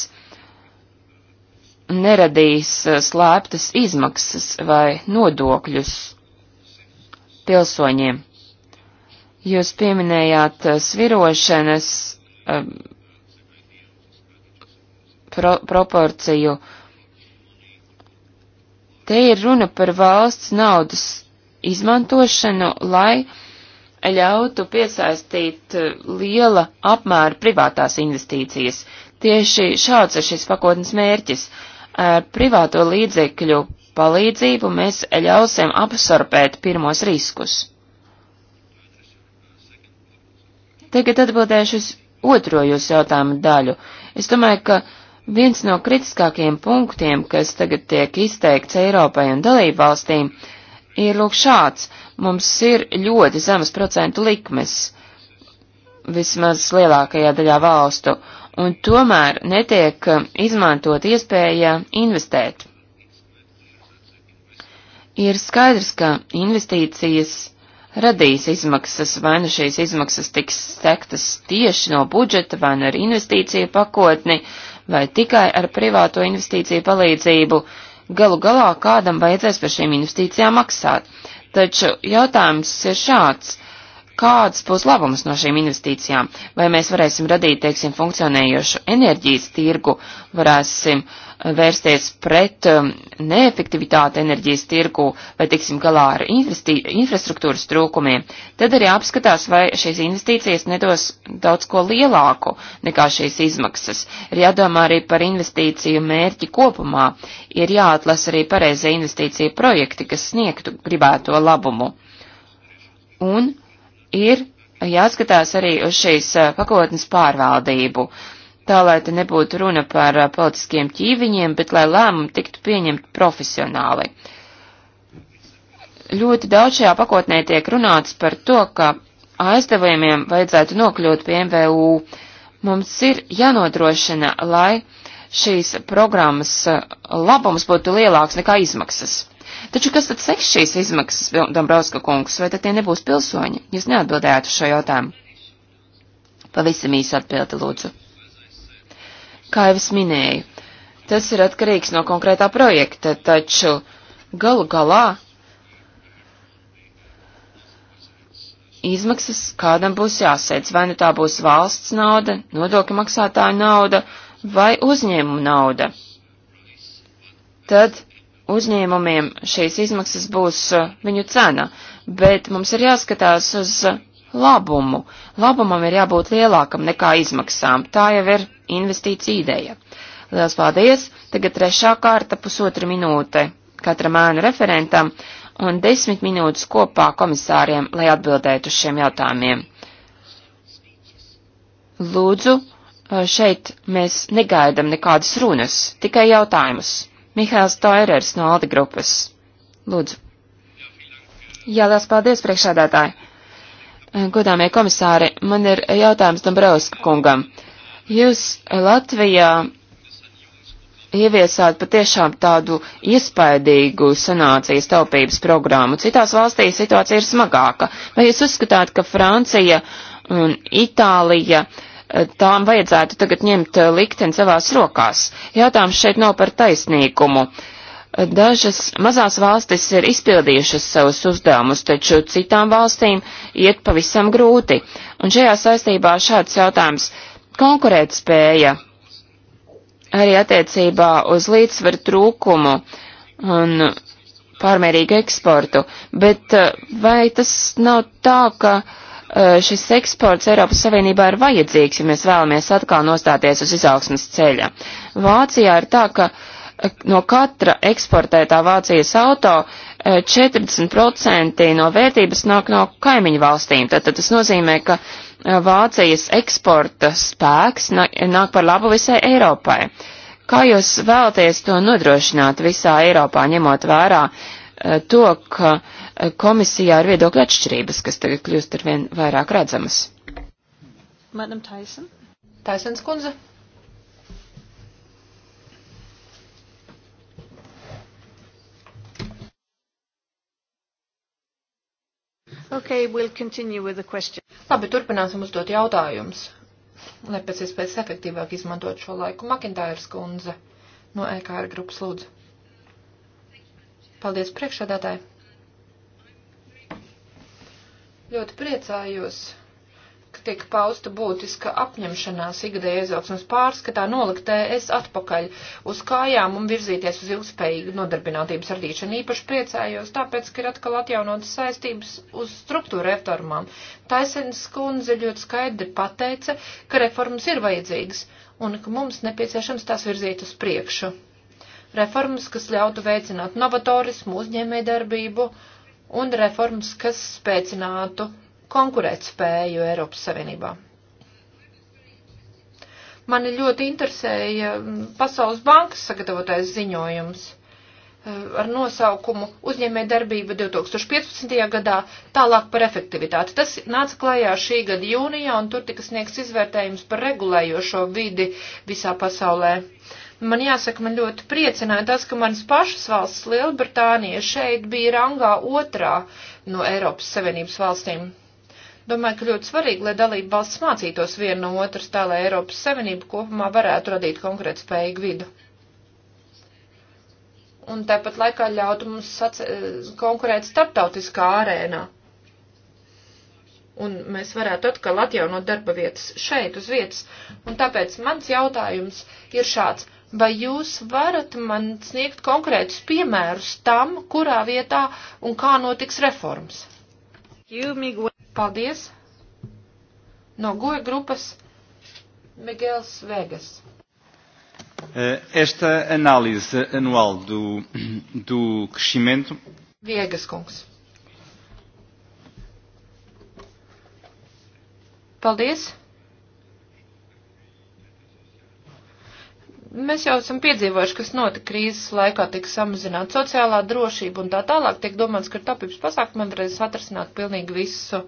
neradīs eh, slēptas izmaksas vai nodokļus pilsoņiem. Jūs pieminējāt eh, svirošanas um, pro proporciju. Te ir runa par valsts naudas izmantošanu, lai ļautu piesaistīt eh, liela apmēra privātās investīcijas. Tieši šāds ir šis pakotnes mērķis. Ar privāto līdzekļu palīdzību mēs ļausim absorbēt pirmos riskus. Tagad atbildēšu uz otro jūsu jautājumu daļu. Es domāju, ka viens no kritiskākajiem punktiem, kas tagad tiek izteikts Eiropai un dalību valstīm, ir lūk šāds. Mums ir ļoti zemas procentu likmes, vismaz lielākajā daļā valstu, un tomēr netiek um, izmantot iespēja investēt. Ir skaidrs, ka investīcijas radīs izmaksas, vai nu šīs izmaksas tiks sektas tieši no budžeta, vai nu ar investīciju pakotni, vai tikai ar privāto investīciju palīdzību. Galu galā kādam vajadzēs par šīm investīcijām maksāt. Taču jautājums ir šāds kāds būs labums no šīm investīcijām, vai mēs varēsim radīt, teiksim, funkcionējošu enerģijas tirgu, varēsim eh, vērsties pret eh, neefektivitāti enerģijas tirgu, vai tiksim galā ar infrastruktūras trūkumiem, tad arī apskatās, vai šīs investīcijas nedos daudz ko lielāku nekā šīs izmaksas. Ir jādomā arī par investīciju mērķi kopumā, ir jāatlas arī pareizie investīcija projekti, kas sniegtu gribēto labumu. Un ir jāskatās arī uz šīs pakotnes pārvaldību, tā lai te nebūtu runa par politiskiem ķīviņiem, bet lai lēmumi tiktu pieņemti profesionāli. Ļoti daudz šajā pakotnē tiek runāts par to, ka aizdevējumiem vajadzētu nokļūt pie MVU. Mums ir jānodrošina, lai šīs programmas labums būtu lielāks nekā izmaksas. Taču kas tad seks šīs izmaksas, Dombrovska kungs, vai tad tie nebūs pilsoņi? Jūs neatbildējāt uz šo jautājumu. Pavisam īsa atbilde, lūdzu. Kā jau es minēju, tas ir atkarīgs no konkrētā projekta, taču galu galā izmaksas kādam būs jāsēc, vai nu tā būs valsts nauda, nodokļu maksātāja nauda vai uzņēmuma nauda. Tad uzņēmumiem šīs izmaksas būs uh, viņu cena, bet mums ir jāskatās uz uh, labumu. Labumam ir jābūt lielākam nekā izmaksām. Tā jau ir investīcija ideja. Lielas paldies! Tagad trešā kārta pusotra minūte katram ēnu referentam un desmit minūtes kopā komisāriem, lai atbildētu uz šiem jautājumiem. Lūdzu, uh, šeit mēs negaidam nekādas runas, tikai jautājumus. Mihāls Toirers no Aldi grupas. Lūdzu. Jā, liels paldies, priekšādātāji. Eh, godāmie komisāri, man ir jautājums Dombrovska kungam. Jūs eh, Latvijā ieviesāt patiešām tādu iespaidīgu sanācijas taupības programmu. Citās valstīs situācija ir smagāka. Vai jūs uzskatāt, ka Francija un Itālija uh, tām vajadzētu tagad ņemt eh, likteni savās rokās. Jautājums šeit nav par taisnīgumu. Dažas mazās valstis ir izpildījušas savus uzdevumus, taču citām valstīm iet pavisam grūti. Un šajā saistībā šāds jautājums - konkurētspēja arī attiecībā uz līdzsvaru trūkumu un pārmērīgu eksportu. Bet eh, vai tas nav tā, ka uh, Eh, šis eksports Eiropas Savienībā ir vajadzīgs, ja mēs vēlamies atkal nostāties uz izaugsmas ceļa. Vācijā ir tā, ka eh, no katra eksportētā Vācijas auto 40% eh, no vērtības nāk no kaimiņu valstīm. Tātad tas nozīmē, ka Vācijas eksporta spēks nāk par labu visai Eiropai. Kā jūs vēlaties to nodrošināt visā Eiropā, ņemot vērā to, ka uh, komisijā ir viedokļa atšķirības, kas tagad kļūst ar vien vairāk redzamas. Madam Tyson. Taisens kundze. Okay, we'll continue with the question. Labi, turpināsim uzdot jautājumus, lai pēc iespējas efektīvāk izmantot šo laiku. Makintājas kundze no EKR grupas lūdzu. Paldies priekšsēdētāji. Ļoti priecājos, ka tiek pausta būtiska apņemšanās ikdēļ izaugsmas pārskatā nolikt ES atpakaļ uz kājām un virzīties uz ilgspējīgu nodarbinātības radīšanu. Īpaši priecājos, tāpēc, ka ir atkal atjaunotas saistības uz struktūra reformām. Taisens kundze ļoti skaidri pateica, ka reformas ir vajadzīgas un ka mums nepieciešams tās virzīt uz priekšu. Reformas, kas ļautu veicināt novatorismu, uzņēmējdarbību darbību un reformas, kas spēcinātu konkurētspēju Eiropas Savienībā. Mani ļoti interesēja mm, Pasaules bankas sagatavotais ziņojums eh, ar nosaukumu uzņēmē darbība 2015. gadā tālāk par efektivitāti. Tas nāca klajā šī gada jūnijā un tur tika sniegts izvērtējums par regulējošo vidi visā pasaulē. Uh, Man jāsaka, man ļoti priecināja tas, ka manas pašas valsts Lielbritānija šeit bija rangā otrā no Eiropas Savienības valstīm. Domāju, ka ļoti svarīgi, lai dalība valsts mācītos viena no otras, tā lai Eiropas Savienība kopumā varētu radīt konkrēt spējīgu vidu. Un tāpat laikā ļautu mums sace, eh, konkurēt starptautiskā arēnā un mēs varētu atkal atjaunot darba vietas šeit uz vietas. Un tāpēc mans jautājums ir šāds. Vai jūs varat man sniegt konkrētus piemērus tam, kurā vietā un kā notiks reformas? Paldies! No goja grupas Miguels Vegas. Eh, esta análise anual do, do crescimento. Viegas kungs. Paldies! Mēs jau esam piedzīvojuši, kas notika krīzes laikā, tika samazināta sociālā drošība un tā tālāk, tiek domāts, ka ir tapības pasākumi, varēs atrasināt pilnīgi visu.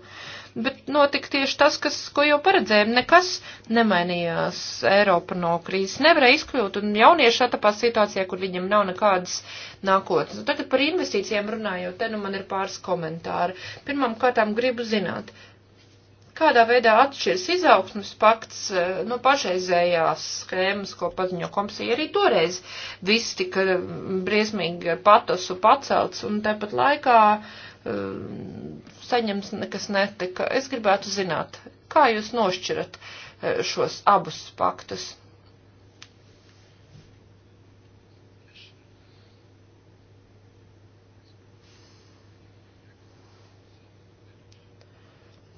Bet notika tieši tas, kas, ko jau paredzējām, nekas nemainījās Eiropa no krīzes, nevarēja izkļūt, un jaunieši atapās situācijā, kur viņam nav nekādas nākotnes. Un tagad par investīcijiem runājot, te nu man ir pāris komentāri. Pirmam kārtām gribu zināt, kādā veidā atšķiras izaugsmas pakts e, no pašreizējās schēmas, ko paziņo komisija. Arī toreiz viss tika briesmīgi patosu pacelts, un tāpat laikā e, saņems nekas netika. Es gribētu zināt, kā jūs nošķirat e, šos abus paktus.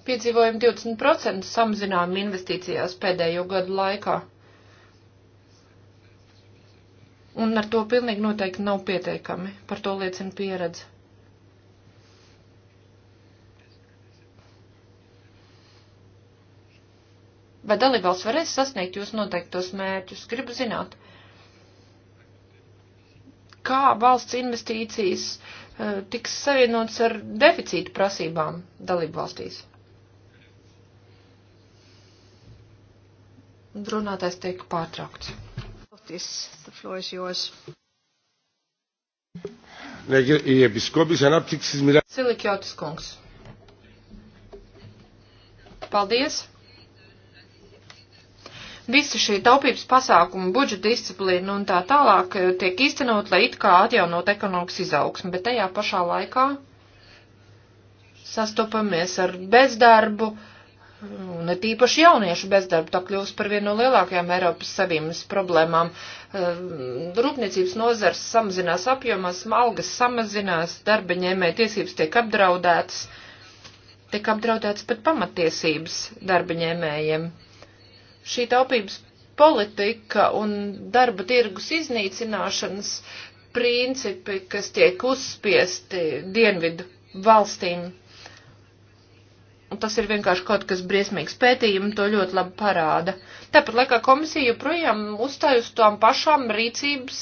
piedzīvojam 20% samazinājumu investīcijās pēdējo gadu laikā. Un ar to pilnīgi noteikti nav pieteikami. Par to liecina pieredze. Vai dalībvalsts varēs sasniegt jūs noteiktos mērķus? Gribu zināt, kā valsts investīcijas eh, tiks savienots ar deficītu prasībām dalībvalstīs. Runātājs tiek pārtraukts. Silikjotis kungs. Paldies! Visi šie taupības pasākumi, budžeta disciplīna un tā tālāk eh, tiek īstenot, lai it kā atjaunot ekonomikas izaugsmu, bet tajā pašā laikā sastopamies ar bezdarbu, uh, un nu, it īpaši jauniešu bezdarbu, tā kļūst par vienu no lielākajām Eiropas Savienības problēmām. Ehm, rūpniecības nozars samazinās apjomās, algas samazinās, darba ņēmē tiesības tiek apdraudētas, tiek apdraudētas pat pamatiesības darba ņēmējiem. Šī taupības politika un darba tirgus iznīcināšanas principi, kas tiek uzspiesti dienvidu valstīm Un tas ir vienkārši kaut kas briesmīgs. Pētījumi to ļoti labi parāda. Tāpat laikā komisija joprojām uzstāj uz tām pašām rīcības,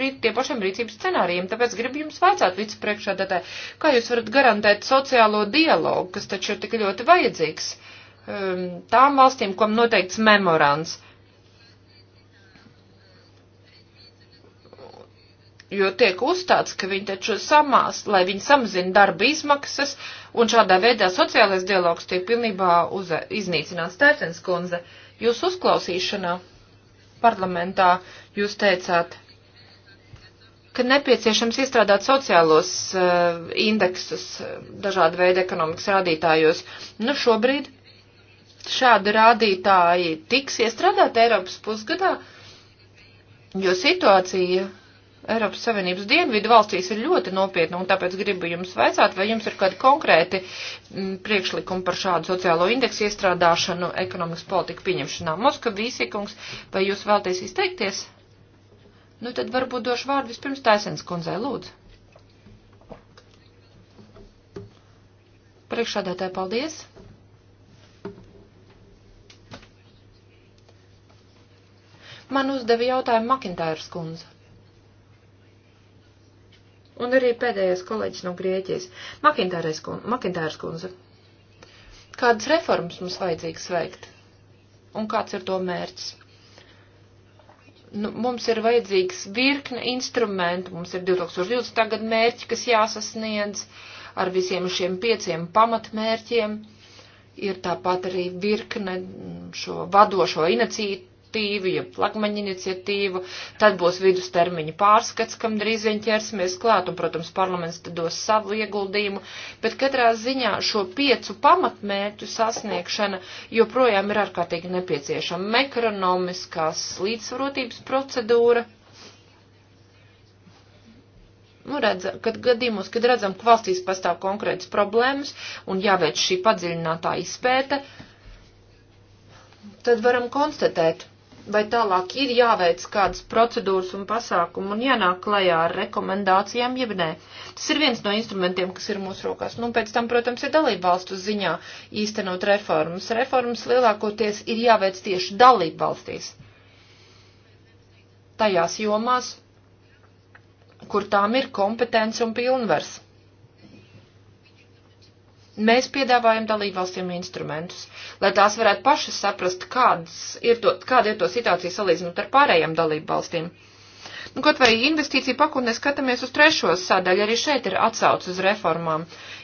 rīt, tie pašiem rīcības scenārijiem. Tāpēc gribu jums vaicāt vicepriekšādātāji, kā jūs varat garantēt sociālo dialogu, kas taču ir tik ļoti vajadzīgs um, tām valstīm, kam noteikts memorands. Uh, jo tiek uzstāts, ka viņi taču samās, lai viņi samazina darba izmaksas, un šādā veidā sociālais dialogs tiek pilnībā uz, iznīcināts. Tērtens kundze, jūs uzklausīšanā parlamentā jūs teicāt, ka nepieciešams izstrādāt sociālos uh, indeksus eh, dažāda veida ekonomikas rādītājos. Nu, šobrīd šādi rādītāji tiks iestrādāt Eiropas pusgadā, jo situācija Eiropas Savienības dienvidu valstīs ir ļoti nopietna, un tāpēc gribu jums vaicāt, vai jums ir kādi konkrēti mm, priekšlikumi par šādu sociālo indeksu iestrādāšanu ekonomikas politiku pieņemšanā. Moska Vīsikungs, vai jūs vēlties izteikties? Nu, tad varbūt došu vārdu vispirms Taisens kundzei, lūdzu. Priekšādātāji, paldies! Man uzdeva jautājumu Makintāras kundze. Un arī pēdējais kolēģis no Grieķijas - Makintāras kundze. Kādas reformas mums vajadzīgs veikt? Un kāds ir to mērķis? Nu, mums ir vajadzīgs virkne instrumentu, mums ir 2020. gada mērķi, kas jāsasniedz ar visiem šiem pieciem pamatmērķiem. Ir tāpat arī virkne šo vadošo iniciatīvu iniciatīva, ja plakmaņa iniciatīva, tad būs vidustermiņa pārskats, kam drīz vien ķersimies klāt, un, protams, parlaments tad dos savu ieguldījumu, bet katrā ziņā šo piecu pamatmērķu sasniegšana joprojām ir ārkārtīgi nepieciešama. Mekronomiskās līdzsvarotības procedūra. Nu, redz, kad gadījumos, kad redzam, ka valstīs pastāv konkrētas problēmas un jāveic šī padziļinātā izpēta, tad varam konstatēt, vai tālāk ir jāveic kādas procedūras un pasākumu un jānāk klajā ar rekomendācijām, jeb nē. Tas ir viens no instrumentiem, kas ir mūsu rokās. Nu, pēc tam, protams, ir dalību valstu ziņā īstenot reformas. Reformas lielākoties ir jāveic tieši dalību valstīs. Tajās jomās, kur tām ir kompetence un pilnvers mēs piedāvājam dalībvalstīm instrumentus, lai tās varētu pašas saprast, kādas ir to, kāda ir to situācija salīdzinot ar pārējām dalībvalstīm. Nu, kaut vai investīciju pakotnē skatāmies uz trešo sadaļu, arī šeit ir atsauc uz reformām.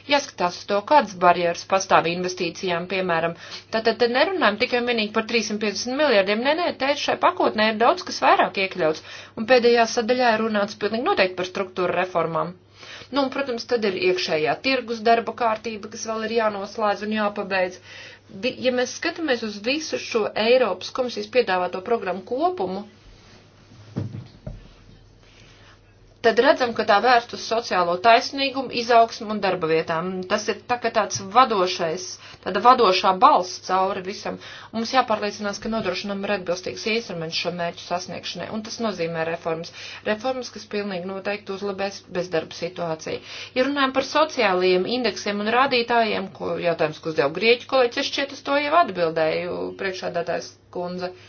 Jāskatās uz to, kādas barjeras pastāv investīcijām, piemēram. Tātad te nerunājam tikai un vienīgi par 350 miljardiem. Nē, nē, te šai pakotnē ir daudz, kas vairāk iekļauts. Un pēdējā sadaļā ir runāts pilnīgi noteikti par struktūra reformām. Nu, un, protams, tad ir iekšējā tirgus darba kārtība, kas vēl ir jānoslēdz un jāpabeidz. Ja mēs skatāmies uz visu šo Eiropas komisijas piedāvāto programmu kopumu, tad redzam, ka tā vērst uz sociālo taisnīgumu, izaugsmu un darba vietām. Tas ir tā kā tāds vadošais, tāda vadošā balss cauri visam. Mums jāpārliecinās, ka nodrošinām ir atbilstīgs instruments šo mērķu sasniegšanai, un tas nozīmē reformas. Reformas, kas pilnīgi noteikti uzlabēs bezdarba situāciju. Ja runājam par sociālajiem indeksiem un rādītājiem, ko jautājums, ko uzdeva grieķu kolēģis, es šķiet uz to jau atbildēju priekšādātājs kundze. Uh,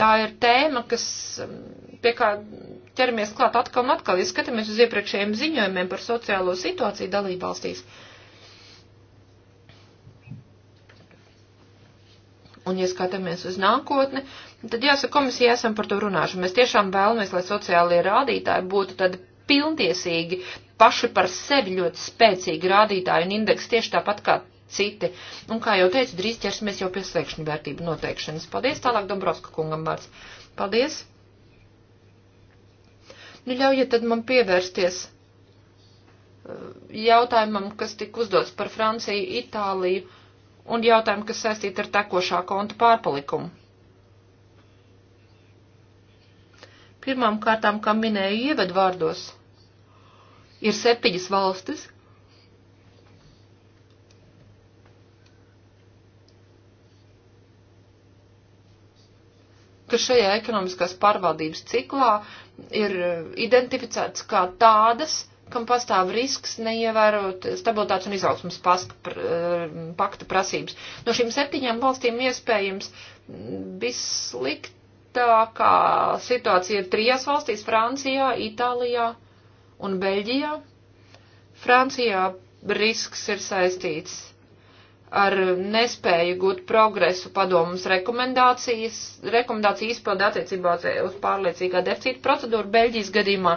Tā ir tēma, kas um, pie kā ķeramies klāt atkal un atkal, ja skatāmies uz iepriekšējiem ziņojumiem par sociālo situāciju dalībvalstīs. Un, ja skatāmies uz nākotni, tad jāsaka, komisija esam par to runāšu. Mēs tiešām vēlamies, lai sociālie rādītāji būtu tad pilntiesīgi, paši par sevi ļoti spēcīgi rādītāji un indeksi tieši tāpat kā citi. Un, kā jau teicu, drīz ķersimies jau pie slēgšņu vērtību noteikšanas. Paldies tālāk Dombrovska kungam vārds. Paldies. Nu, ļaujiet tad man pievērsties eh, jautājumam, kas tika uzdots par Franciju, Itāliju un jautājumu, kas saistīta ar tekošā konta pārpalikumu. Pirmām kārtām, kā minēju ievadvārdos, ir septiņas valstis, ka šajā ekonomiskās pārvaldības ciklā ir e, identificēts kā tādas, kam pastāv risks neievērot stabilitātes un izaugsmas e, pakta prasības. No šīm septiņām valstīm iespējams vissliktākā situācija ir trijās valstīs - Francijā, Itālijā un Beļģijā. Francijā risks ir saistīts ar nespēju gūt progresu padomus rekomendācijas, rekomendāciju izpildi attiecībā uz pārliecīgā deficīta procedūru. Beļģijas gadījumā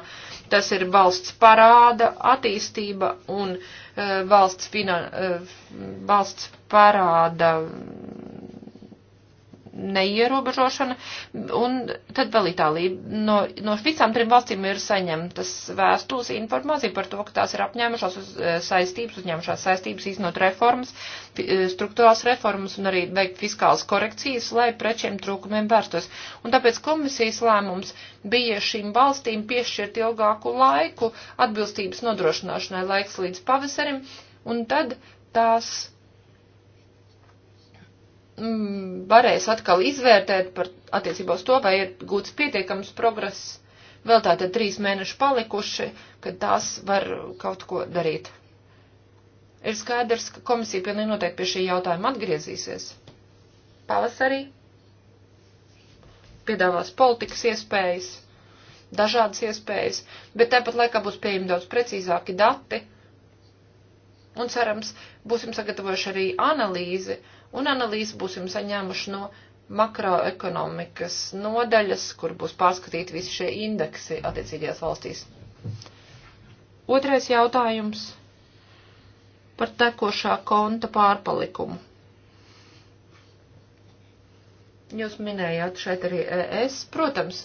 tas ir valsts parāda, attīstība un e, valsts, finan, e, valsts parāda neierobežošana. Un tad vēl Itālija. No, no visām trim valstīm ir saņemtas vēstules informācija par to, ka tās ir apņēmušās uz, eh, saistības, uzņēmušās saistības īstenot reformas, eh, struktūrās reformas un arī veikt fiskālas korekcijas, lai pret šiem trūkumiem vērstos. Un tāpēc komisijas lēmums bija šīm valstīm piešķirt ilgāku laiku atbilstības nodrošināšanai laiks līdz pavasarim, un tad tās Mm, varēs atkal izvērtēt par attiecībā uz to, vai ir gūts pietiekams progress. Vēl tātad trīs mēneši palikuši, kad tās var kaut ko darīt. Ir skaidrs, ka komisija pilnīgi noteikti pie šī jautājuma atgriezīsies. Pavasarī piedāvās politikas iespējas, dažādas iespējas, bet tāpat laikā būs pieejami daudz precīzāki dati. Un cerams, būsim sagatavojuši arī analīzi un analīzi būsim saņēmuši no makroekonomikas nodaļas, kur būs pārskatīti visi šie indeksi attiecīgajās valstīs. Otrais jautājums par tekošā konta pārpalikumu. Jūs minējāt šeit arī ES, protams,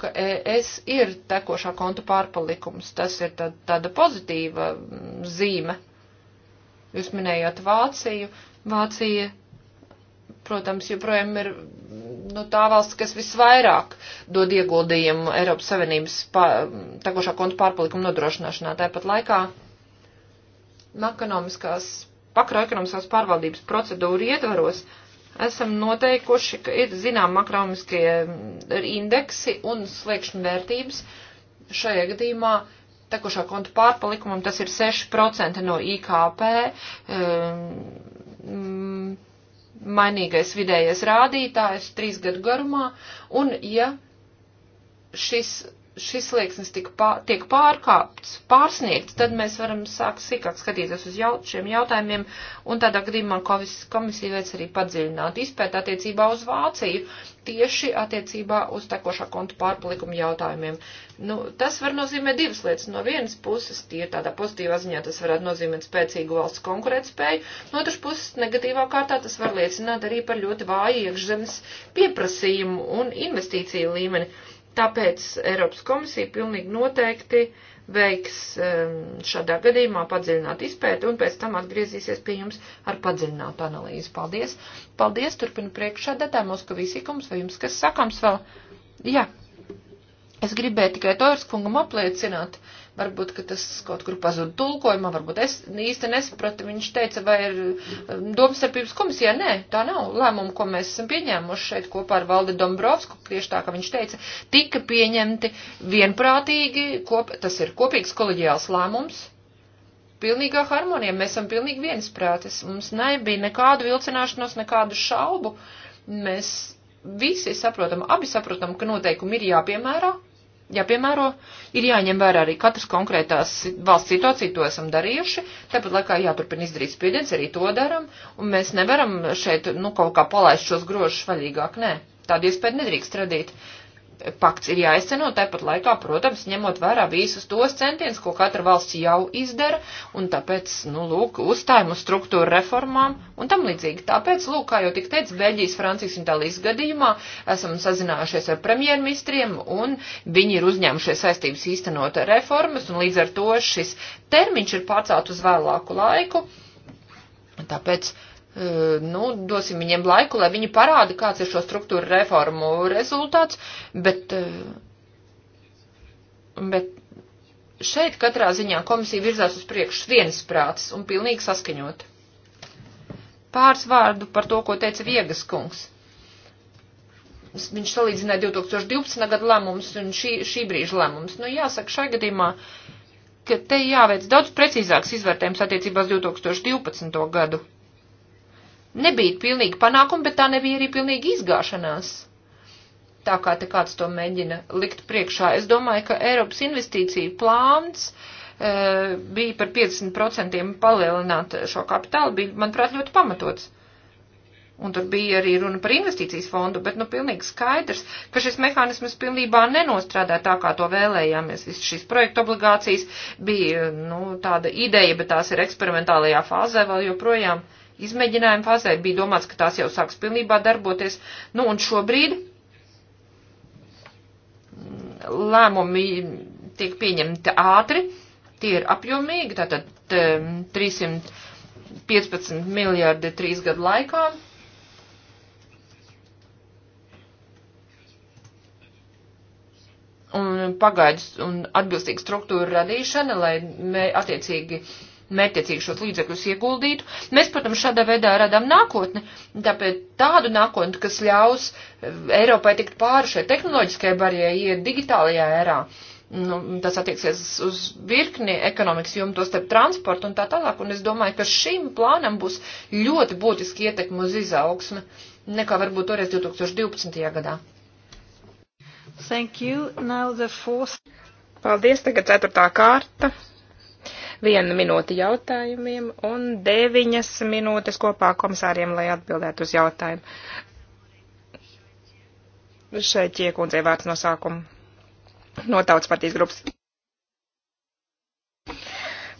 ka ES ir tekošā konta pārpalikums. Tas ir tā, tāda pozitīva mm, zīme Jūs minējāt Vāciju. Vācija, protams, joprojām ir nu, tā valsts, kas visvairāk dod ieguldījumu Eiropas Savienības tekošā konta pārpalikuma nodrošināšanā. Tāpat laikā ekonomiskās, makroekonomiskās pārvaldības procedūru ietvaros esam noteikuši, ka ir zinām makroekonomiskie indeksi un sliekšņu vērtības. Šajā gadījumā tekušo kontu pārpalikumam tas ir 6% no IKP. Um, mainīgais vidējais rādītājs trīs gadu garumā, un ja šis šis slieksnis pār, tiek pārkāpts, pārsniegts, tad mēs varam sākt sīkāk skatīties uz jau, šiem jautājumiem, un tādā gadījumā komisija veic arī padziļināt izpēt attiecībā uz Vāciju, tieši attiecībā uz tekošā konta pārpalikumu jautājumiem. Nu, tas var nozīmēt divas lietas. No vienas puses, tie ir tādā pozitīvā ziņā, tas varētu nozīmēt spēcīgu valsts konkurētspēju, no otras puses, negatīvā kārtā tas var liecināt arī par ļoti vāju iekšzemes pieprasījumu un investīciju līmeni. Tāpēc Eiropas komisija pilnīgi noteikti veiks um, šādā gadījumā padziļināt izpēti un pēc tam atgriezīsies pie jums ar padziļinātu analīzi. Paldies! Paldies! Turpinu priekšādatā Moskavīsīkums, vai jums kas sakams vēl? Jā. Es gribēju tikai Toirskungam apliecināt, Varbūt, ka tas kaut kur pazuda tulkojumā, varbūt es īsti nesapratu. Viņš teica, vai ir um, domstarpības komisijā. Nē, tā nav lēmuma, ko mēs esam pieņēmuši šeit kopā ar Valde Dombrovsku. Tieši tā, ka viņš teica, tika pieņemti vienprātīgi, kop, tas ir kopīgs koleģiāls lēmums. Pilnīgā harmonija, mēs esam pilnīgi viensprātis. Mums nebija nekādu vilcināšanos, nekādu šaubu. Mēs visi saprotam, abi saprotam, ka noteikumi ir jāpiemērā jāpiemēro, ir jāņem vērā arī katras konkrētās valsts situācija, to esam darījuši, tāpat laikā jāturpina izdarīt spiediens, arī to daram, un mēs nevaram šeit, nu, kaut kā palaist šos grožus vaļīgāk, nē. Tādu iespēju nedrīkst radīt pakts ir jāizceno, tāpat laikā, protams, ņemot vērā visus tos centienus, ko katra valsts jau izdara, un tāpēc, nu, lūk, uzstājumu struktūra reformām un tam līdzīgi. Tāpēc, lūk, kā jau tik teicu, Beļģijas, Francijas un Itālijas gadījumā esam sazinājušies ar premjerministriem, un viņi ir uzņēmušies saistības īstenot reformas, un līdz ar to šis termiņš ir pārcelt uz vēlāku laiku. Tāpēc Eh, nu, dosim viņiem laiku, lai viņi parāda, kāds ir šo struktūru reformu rezultāts, bet, eh, bet šeit katrā ziņā komisija virzās uz priekšu vienas prātas un pilnīgi saskaņot. Pāris vārdu par to, ko teica Viegas kungs. Viņš salīdzināja 2012. gada lēmumus un šī, šī brīža lēmumus. Nu, jāsaka, šajā gadījumā ka te jāveic daudz precīzāks izvērtējums attiecībās 2012. gadu nebija pilnīgi panākumi, bet tā nebija arī pilnīgi izgāšanās. Tā kā te kāds to mēģina likt priekšā. Es domāju, ka Eiropas investīcija plāns e, bija par 50% palielināt šo kapitālu, bija, manuprāt, ļoti pamatots. Un tur bija arī runa par investīcijas fondu, bet nu pilnīgi skaidrs, ka šis mehānisms pilnībā nenostrādā tā, kā to vēlējāmies. Viss šīs projekta obligācijas bija, nu, tāda ideja, bet tās ir eksperimentālajā fāzē vēl joprojām. Uh, izmēģinājuma fazē, bija domāts, ka tās jau sāks pilnībā darboties. Nu, un šobrīd lēmumi tiek pieņemti ātri, tie ir apjomīgi, tātad 315 um, miljārdi trīs gadu laikā. Un pagaidus un atbilstīga struktūra radīšana, lai mē, attiecīgi uh, mērķiecīgi šos līdzekļus ieguldītu. Mēs, protams, šādā veidā radām nākotni, tāpēc tādu nākotni, kas ļaus eh, Eiropai tikt pāri šai tehnoloģiskajai barjerai, iet digitālajā erā. Nu, tas attieksies uz virkni ekonomikas jomu, to starp transportu un tā tālāk, un es domāju, ka šim plānam būs ļoti būtiski ietekmi uz izaugsmi, nekā varbūt toreiz 2012. gadā. Thank you. Now the fourth. Paldies, tagad ceturtā kārta viena minūte jautājumiem un deviņas minūtes kopā komisāriem, lai atbildētu uz jautājumu. Šeit iekundzei vārds no sākuma no tautas partijas grupas.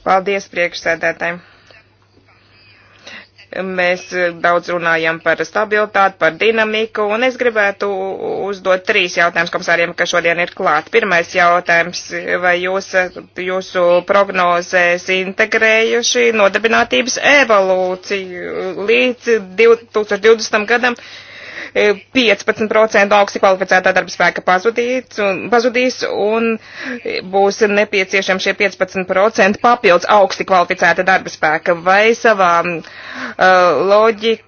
Paldies priekšsēdētājiem! Mēs daudz runājam par stabilitāti, par dinamiku, un es gribētu uzdot trīs jautājumus komisāriem, kas šodien ir klāt. Pirmais jautājums, vai jūs jūsu prognozēs integrējuši nodarbinātības evolūciju līdz 2020. gadam? 15% e, augsti kvalificētā darba spēka pazudīts un, pazudīs un būs nepieciešami šie 15% papildus augsti kvalificēta darba spēka. Vai savā uh, e, loģika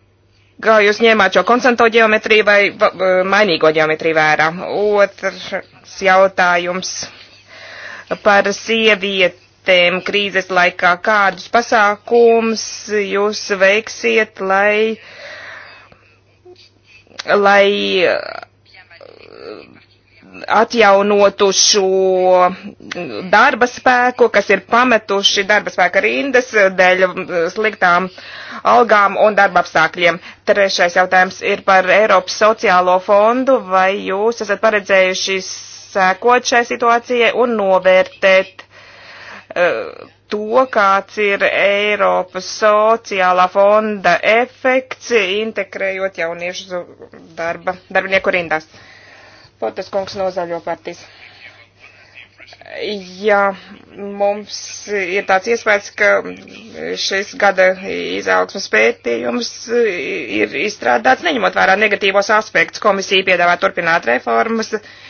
kā jūs ņēmāt šo konstanto ģeometriju vai e, mainīgo ģeometriju vērā? Otrs jautājums par sievietēm krīzes laikā. Kādus pasākums jūs veiksiet, lai uh, lai uh, atjaunotu šo darba spēku, kas ir pametuši darba spēka rindas dēļ uh, sliktām algām un darba apstākļiem. Trešais jautājums ir par Eiropas sociālo fondu. Vai jūs esat paredzējuši sekot šai situācijai un novērtēt uh, to, kāds ir Eiropas sociālā fonda efekts, integrējot jauniešu darba, darbinieku rindās. Potas kungs no Zaļo partijas. Ja mums ir tāds iespējas, ka šis gada izaugsmas pētījums ir izstrādāts, neņemot vērā negatīvos aspektus, komisija piedāvā turpināt reformas, uh,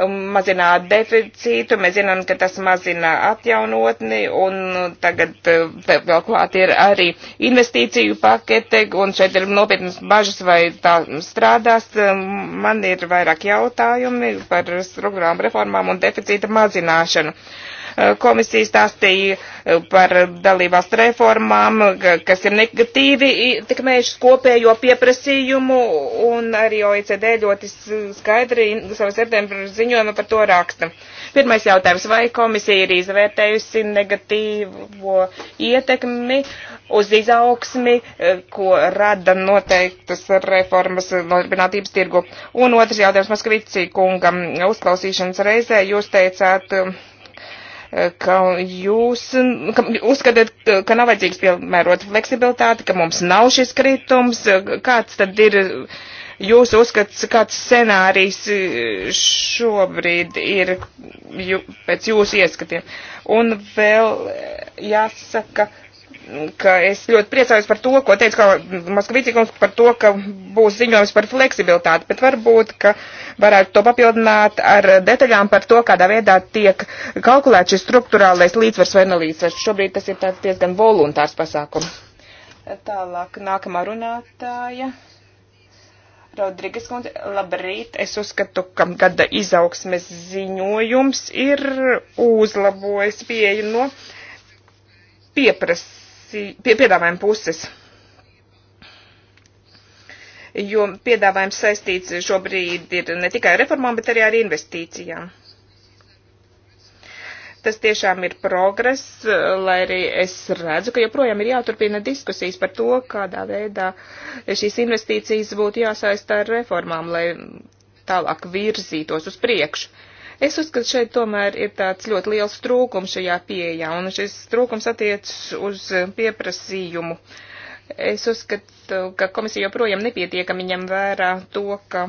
Um, mazināt deficītu, mēs zinām, ka tas mazina atjaunotni, un tagad uh, vēl klāt ir arī investīciju pakete, un šeit ir nopietnas bažas, vai tā strādās. Um, man ir vairāk jautājumi par struktūrām reformām un deficīta mazināšanu. Uh, Komisija stāstīja eh, par dalībvalstu reformām, kas ir negatīvi tikmējušas kopējo pieprasījumu, un arī OECD ļoti skaidri savu septembru ziņojumu par to raksta. Pirmais jautājums, vai komisija ir izvērtējusi negatīvo ietekmi uz izaugsmi, eh, ko rada noteiktas reformas nodarbinātības tirgu? Un otrs jautājums Maskavicī kungam uzklausīšanas reizē jūs teicāt, ka jūs ka uzskatāt, ka nav vajadzīgs piemērot fleksibilitāti, ka mums nav šis kritums, kāds tad ir jūsu uzskats, kāds scenārijs šobrīd ir jū, pēc jūsu ieskatiem. Un vēl jāsaka, ka es ļoti priecājos par to, ko teica Moskvīcīkums par to, ka būs ziņojums par fleksibilitāti, bet varbūt, ka varētu to papildināt ar detaļām par to, kādā veidā tiek kalkulēts šis struktūrālais līdzsvars vai nelīdzsvars. Šobrīd tas ir tāds diezgan voluntārs pasākums. Tālāk nākamā runātāja. Rodrigas kundze, labrīt. Es uzskatu, ka gada izaugsmes ziņojums ir uzlabojis pieeju no pieprasījuma pie piedāvājuma puses. Jo piedāvājums saistīts šobrīd ir ne tikai ar reformām, bet arī ar investīcijām. Tas tiešām ir progress, lai arī es redzu, ka joprojām ir jāturpina diskusijas par to, kādā veidā šīs investīcijas būtu jāsaista ar reformām, lai tālāk virzītos uz priekšu. Uh, Es uzskatu, šeit tomēr ir tāds ļoti liels trūkums šajā pieejā, un šis trūkums attiec uz pieprasījumu. Es uzskatu, ka komisija joprojām nepietiekami ņem vērā to, ka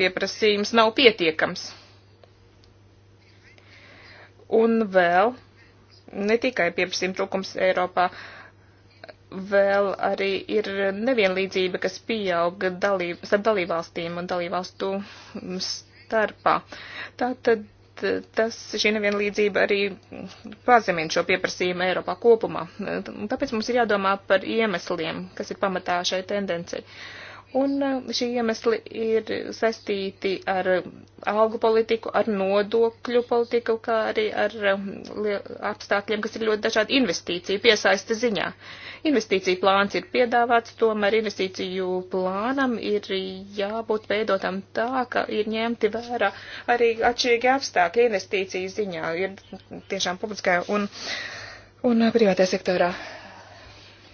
pieprasījums nav pietiekams. Un vēl ne tikai pieprasījuma trūkums Eiropā, vēl arī ir nevienlīdzība, kas pieaug dalīb, starp dalībvalstīm un dalībvalstu starpā. Tātad tas, šī nevienlīdzība arī pazemina šo pieprasījumu Eiropā kopumā. Tāpēc mums ir jādomā par iemesliem, kas ir pamatā šai tendencei. Uh, Un um, šie iemesli ir saistīti ar um, algu politiku, ar nodokļu politiku, kā arī ar um, apstākļiem, kas ir ļoti dažādi investīciju piesaista ziņā. Investīciju plāns ir piedāvāts, tomēr investīciju plānam ir jābūt veidotam tā, ka ir ņemti vērā arī atšķirīgi apstākļi investīciju ziņā, ir tiešām publiskajā un, un privātajā sektorā.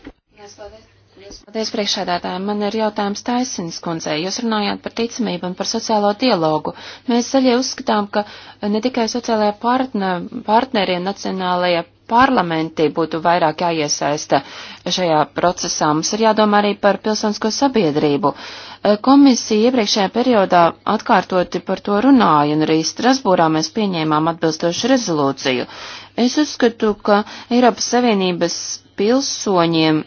Jā, spaldies. Paldies, priekšādātāji. Man ir jautājums Taisins kundzei. Jūs runājāt par ticamību un par sociālo dialogu. Mēs zaļie uzskatām, ka ne tikai sociālajie partner, partneri un nacionālajie parlamenti būtu vairāk jāiesaista šajā procesā. Mums ir jādomā arī par pilsonisko sabiedrību. Eh, komisija iepriekšējā periodā atkārtoti par to runāja, un arī Strasbūrā mēs pieņēmām atbilstošu rezolūciju. Es uzskatu, ka Eiropas Savienības pilsoņiem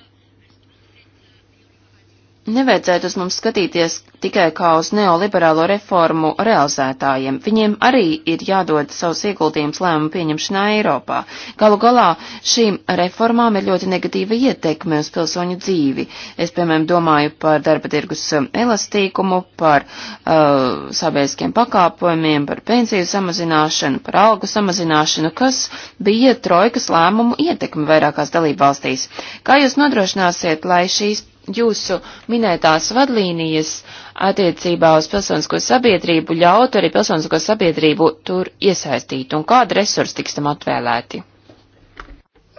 Nevajadzētu uz mums skatīties tikai kā uz neoliberālo reformu realizētājiem. Viņiem arī ir jādod savus ieguldījumus lēmumu pieņemšanā Eiropā. Galu galā šīm reformām ir ļoti negatīva ietekme uz pilsoņu dzīvi. Es, piemēram, domāju par darba tirgus um, elastīkumu, par uh, sabiedriskiem pakāpojumiem, par pensiju samazināšanu, par algu samazināšanu, kas bija trojkas lēmumu ietekme vairākās dalībvalstīs. Kā jūs nodrošināsiet, lai šīs jūsu minētās vadlīnijas attiecībā uz pilsonisko sabiedrību ļautu arī pilsonisko sabiedrību tur iesaistīt un kāda resursa tiks tam atvēlēti?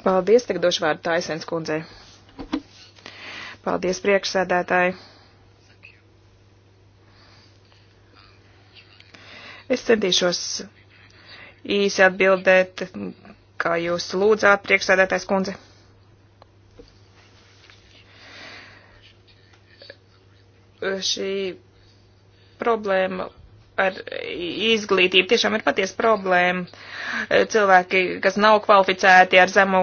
Paldies, tagad došu vārdu Taisens kundzei. Paldies, priekšsēdētāji. Es centīšos īsi atbildēt, kā jūs lūdzāt, priekšsēdētājs kundze. šī problēma ar izglītību tiešām ir patiesa problēma. Cilvēki, kas nav kvalificēti ar zemu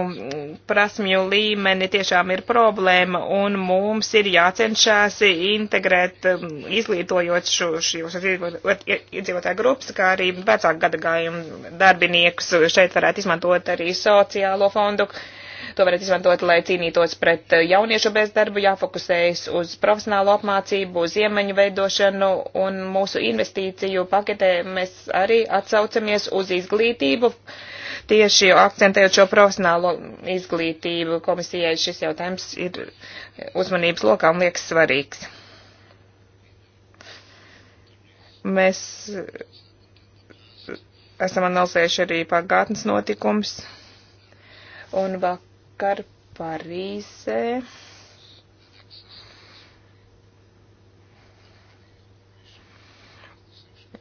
prasmju līmeni, tiešām ir problēma, un mums ir jācenšas integrēt, um, izglītojot šos iedzīvotāju grupas, kā arī vecāku gadagājumu darbiniekus. Šeit varētu izmantot arī sociālo fondu. Uh, To varētu izmantot, lai cīnītos pret eh, jauniešu bezdarbu, jāfokusējas uz profesionālo apmācību, uz iemaņu veidošanu un mūsu investīciju paketē mēs arī atsaucamies uz izglītību. Tieši akcentējot šo profesionālo izglītību komisijai šis jautājums ir uzmanības lokām liekas svarīgs. Mēs esam analizējuši arī pagātnes notikums. Un vak vakar Parīzē.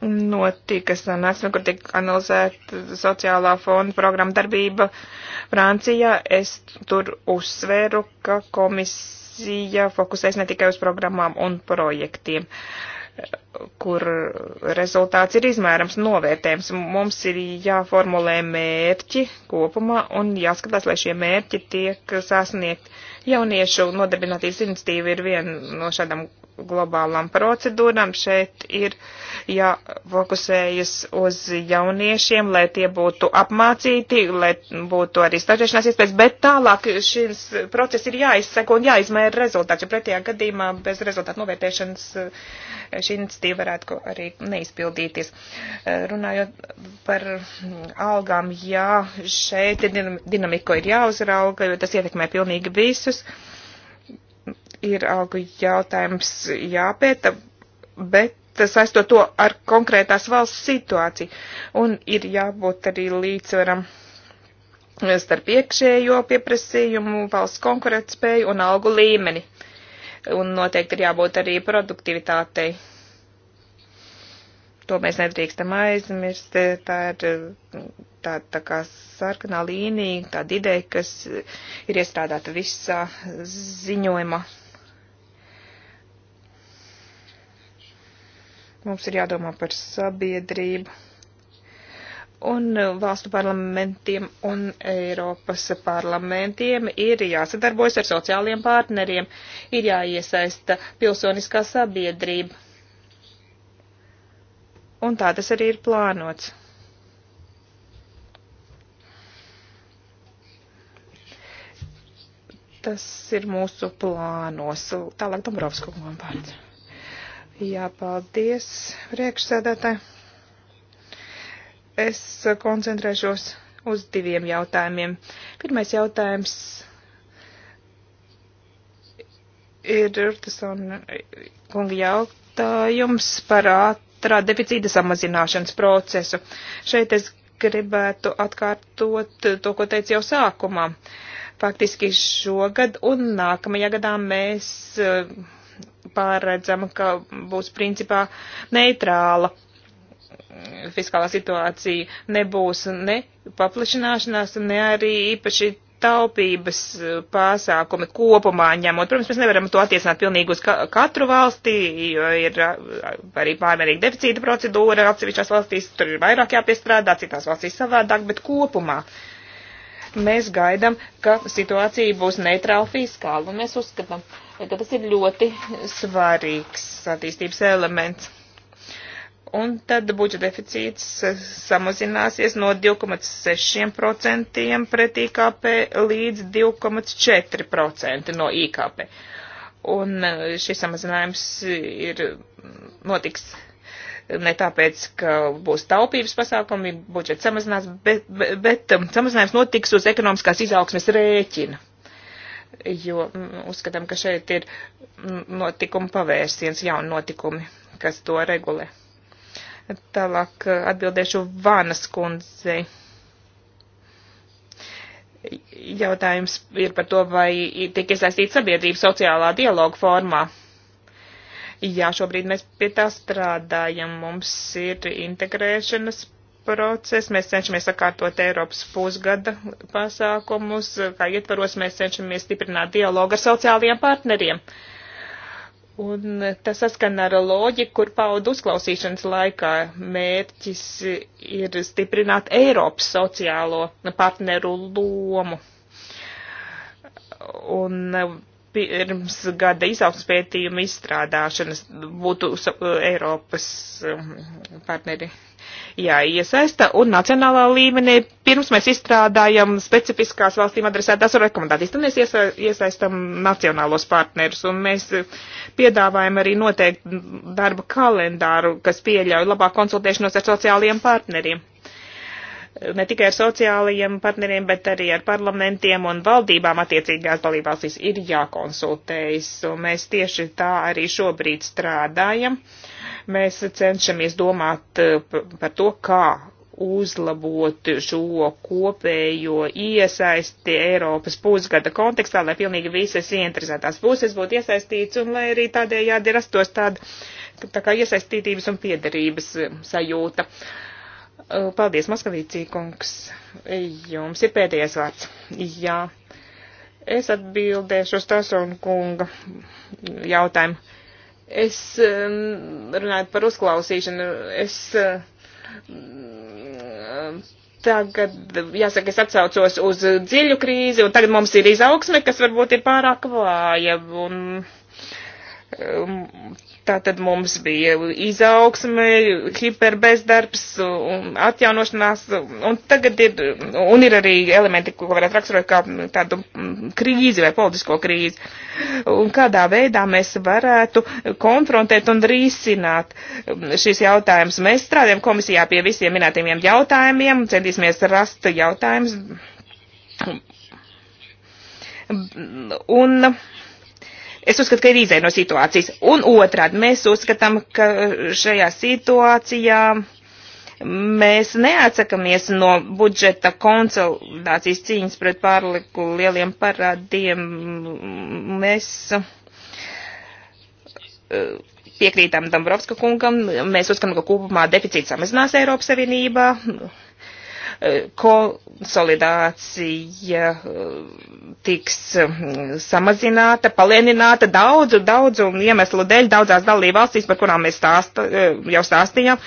Notika sanāksme, kur tika analizēta sociālā fonda programma darbība Francijā. Es tur uzsvēru, ka komisija fokusēs ne tikai uz programmām un projektiem. Uh, kur rezultāts ir izmērams un novērtējams. Mums ir jāformulē mērķi kopumā un jāskatās, lai šie mērķi tiek sasniegt. Jauniešu nodarbinātības iniciatīva ir viena no šādām globālām procedūrām. Šeit ir jāfokusējas uz jauniešiem, lai tie būtu apmācīti, lai būtu arī stažēšanās iespējas, bet tālāk šis process ir jāizseko un jāizmēra rezultāts, jo pretējā gadījumā bez rezultātu novērtēšanas eh, šī iniciatīva varētu arī neizpildīties. Eh, runājot par algām, jā, šeit dinamiko ir jāuzrauga, jo tas ietekmē pilnīgi visus. Uh, ir algu jautājums jāpēta, bet saistot to ar konkrētās valsts situāciju. Un ir jābūt arī līdzsvaram starp iekšējo pieprasījumu, valsts konkurētspēju un algu līmeni. Un noteikti ir jābūt arī produktivitātei. To mēs nedrīkstam aizmirst. Tā ir tā, tā kā sarkanā līnija, tāda ideja, kas ir iestrādāta visā ziņojumā. Mums ir jādomā par sabiedrību un valstu parlamentiem un Eiropas parlamentiem ir jāsadarbojas ar sociāliem partneriem, ir jāiesaista pilsoniskā sabiedrība. Un tā tas arī ir plānots. Tas ir mūsu plānos. Tālāk Dombrovskungam vārds. Jā, paldies, priekšsēdētāji. Es koncentrēšos uz diviem jautājumiem. Pirmais jautājums ir Urtasona kunga jautājums par ātrā deficīta samazināšanas procesu. Šeit es gribētu atkārtot to, ko teicu jau sākumā. Faktiski šogad un nākamajā gadā mēs pārredzama, ka būs principā neitrāla fiskālā situācija. Nebūs ne paplašināšanās, ne arī īpaši taupības e, pasākumi kopumā ņemot. Protams, mēs nevaram to attiecināt pilnīgi uz katru valsti, jo ir arī pārmērīga deficīta procedūra atsevišķās valstīs, tur ir vairāk jāpiestrādā, citās valstīs savādāk, bet kopumā uh, mēs gaidām, ka situācija būs neitrāla fiskāla, un mēs uzskatām, ka tas ir ļoti svarīgs attīstības elements. Un tad budžeta deficīts samazināsies no 2,6% pret IKP līdz 2,4% no IKP. Un eh, šis samazinājums ir notiks ne tāpēc, ka būs taupības pasākumi, budžets samazinās, bet, bet, bet um, samazinājums notiks uz ekonomiskās izaugsmes rēķina. Jo mm, uzskatām, ka šeit ir mm, notikuma pavērsiens, jauni notikumi, kas to regulē. Tālāk uh, atbildēšu Vānas kundzei. Jautājums ir par to, vai tiek iesaistīta sabiedrība sociālā dialogu formā. Jā, šobrīd mēs pie tā strādājam. Mums ir integrēšanas process, mēs cenšamies sakārtot Eiropas pusgada pasākumus, kā ietvaros mēs cenšamies stiprināt dialogu ar sociālajiem partneriem. Un tas saskan ar loģiku, kur paudu uzklausīšanas laikā mērķis ir stiprināt Eiropas sociālo partneru lomu. Un pirms gada izaugsmas pētījuma izstrādāšanas būtu Eiropas um, partneri jāiesaista un nacionālā līmenī pirms mēs izstrādājam specifiskās valstīm adresētās rekomendācijas. Tad mēs iesaistam nacionālos partnerus un mēs piedāvājam arī noteikti darba kalendāru, kas pieļauj labāk konsultēšanos ar sociālajiem partneriem ne tikai ar sociālajiem partneriem, bet arī ar parlamentiem un valdībām attiecīgās dalībvalstīs ir jākonsultējas. Un mēs tieši tā arī šobrīd strādājam. Mēs cenšamies domāt eh, par to, kā uzlabot šo kopējo iesaisti Eiropas pusgada kontekstā, lai pilnīgi visas ieinteresētās puses būtu iesaistīts un lai arī tādējādi rastos tāda tā kā iesaistītības un piederības sajūta. Uh, Uh, paldies, Moskavīcī kungs. Jums ir pēdējais vārds. Jā. Es atbildēšu uz Tasona kunga jautājumu. Es um, runāju par uzklausīšanu. Es um, tagad, jāsaka, es atsaucos uz dziļu krīzi, un tagad mums ir izaugsme, kas varbūt ir pārāk vāja. Un, um, Tātad mums bija izaugsme, hiperbezdarbs, atjaunošanās, un tagad ir, un ir arī elementi, ko varētu raksturot kā tādu krīzi vai politisko krīzi. Un kādā veidā mēs varētu konfrontēt un risināt šīs jautājumas. Mēs strādājam komisijā pie visiem minētajiem jautājumiem, centīsimies rast jautājumus. Un, Es uzskatu, ka ir izēja no situācijas. Un otrādi, mēs uzskatām, ka šajā situācijā mēs neatsakamies no budžeta konsolidācijas cīņas pret pārliku lieliem parādiem. Mēs eh, piekrītam Dombrovska kungam. Mēs uzskatām, ka kopumā deficīts samazinās Eiropas Savienībā konsolidācija eh, tiks eh, samazināta, palēnināta daudzu, daudzu iemeslu dēļ daudzās dalībvalstīs, par kurām mēs stāsta, eh, jau stāstījām.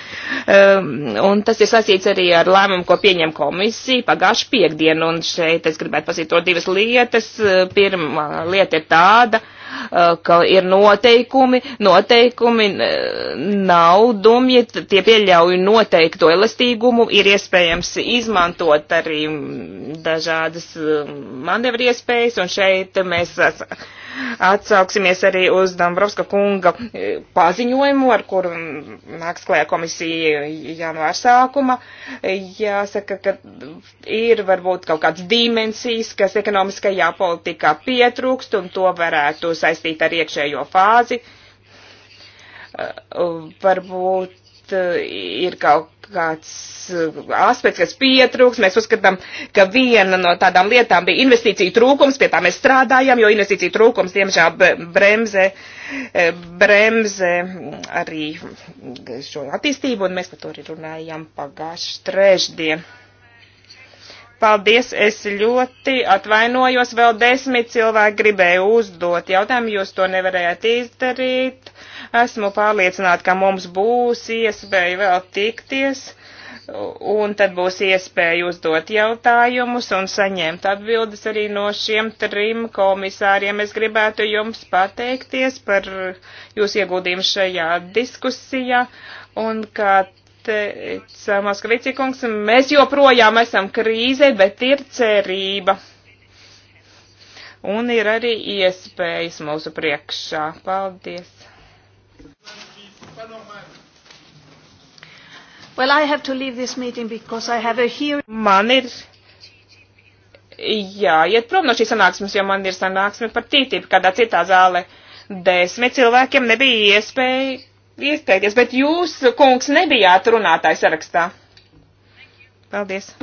Un tas ir sasīts arī ar lēmumu, ko pieņem komisija pagājuši piekdienu. Un šeit es gribētu pasīt to divas lietas. Pirmā lieta ir tāda, ka ir noteikumi, noteikumi nav dumji, tie pieļauj noteikto elastīgumu, ir iespējams izmantot arī dažādas manevri iespējas, un šeit mēs Atsauksimies arī uz Dombrovska kunga e, paziņojumu, ar kuru nāks klējā komisija janvāra sākuma. Jāsaka, ka ir varbūt kaut kāds dimensijas, kas ekonomiskajā politikā pietrūkst, un to varētu saistīt ar iekšējo fāzi. E, varbūt Eh, ir kaut kāds eh, aspekts, kas pietrūks. Mēs uzskatām, ka viena no tādām lietām bija investīciju trūkums, pie tā mēs strādājam, jo investīciju trūkums, diemžēl, bremzē, bremzē eh, arī šo attīstību, un mēs par to arī runājam pagājuši trešdien. Paldies, es ļoti atvainojos, vēl desmit cilvēki gribēja uzdot jautājumu, jūs to nevarējāt izdarīt. Esmu pārliecināta, ka mums būs iespēja vēl tikties, un tad būs iespēja uzdot jautājumus un saņemt atbildes arī no šiem trim komisāriem. Es gribētu jums pateikties par jūsu ieguldījumu šajā diskusijā, un kā teica Moskavici kungs, mēs joprojām esam krīzē, bet ir cerība. Un ir arī iespējas mūsu priekšā. Paldies! Well, I have to leave this meeting because I have a hearing. Man ir jāiet prom no šīs sanāksmes, jo man ir sanāksme par tītību kādā citā zālē. Desmit cilvēkiem nebija iespēja iestāties, bet jūs, kungs, nebijāt runātājs sarakstā. Paldies.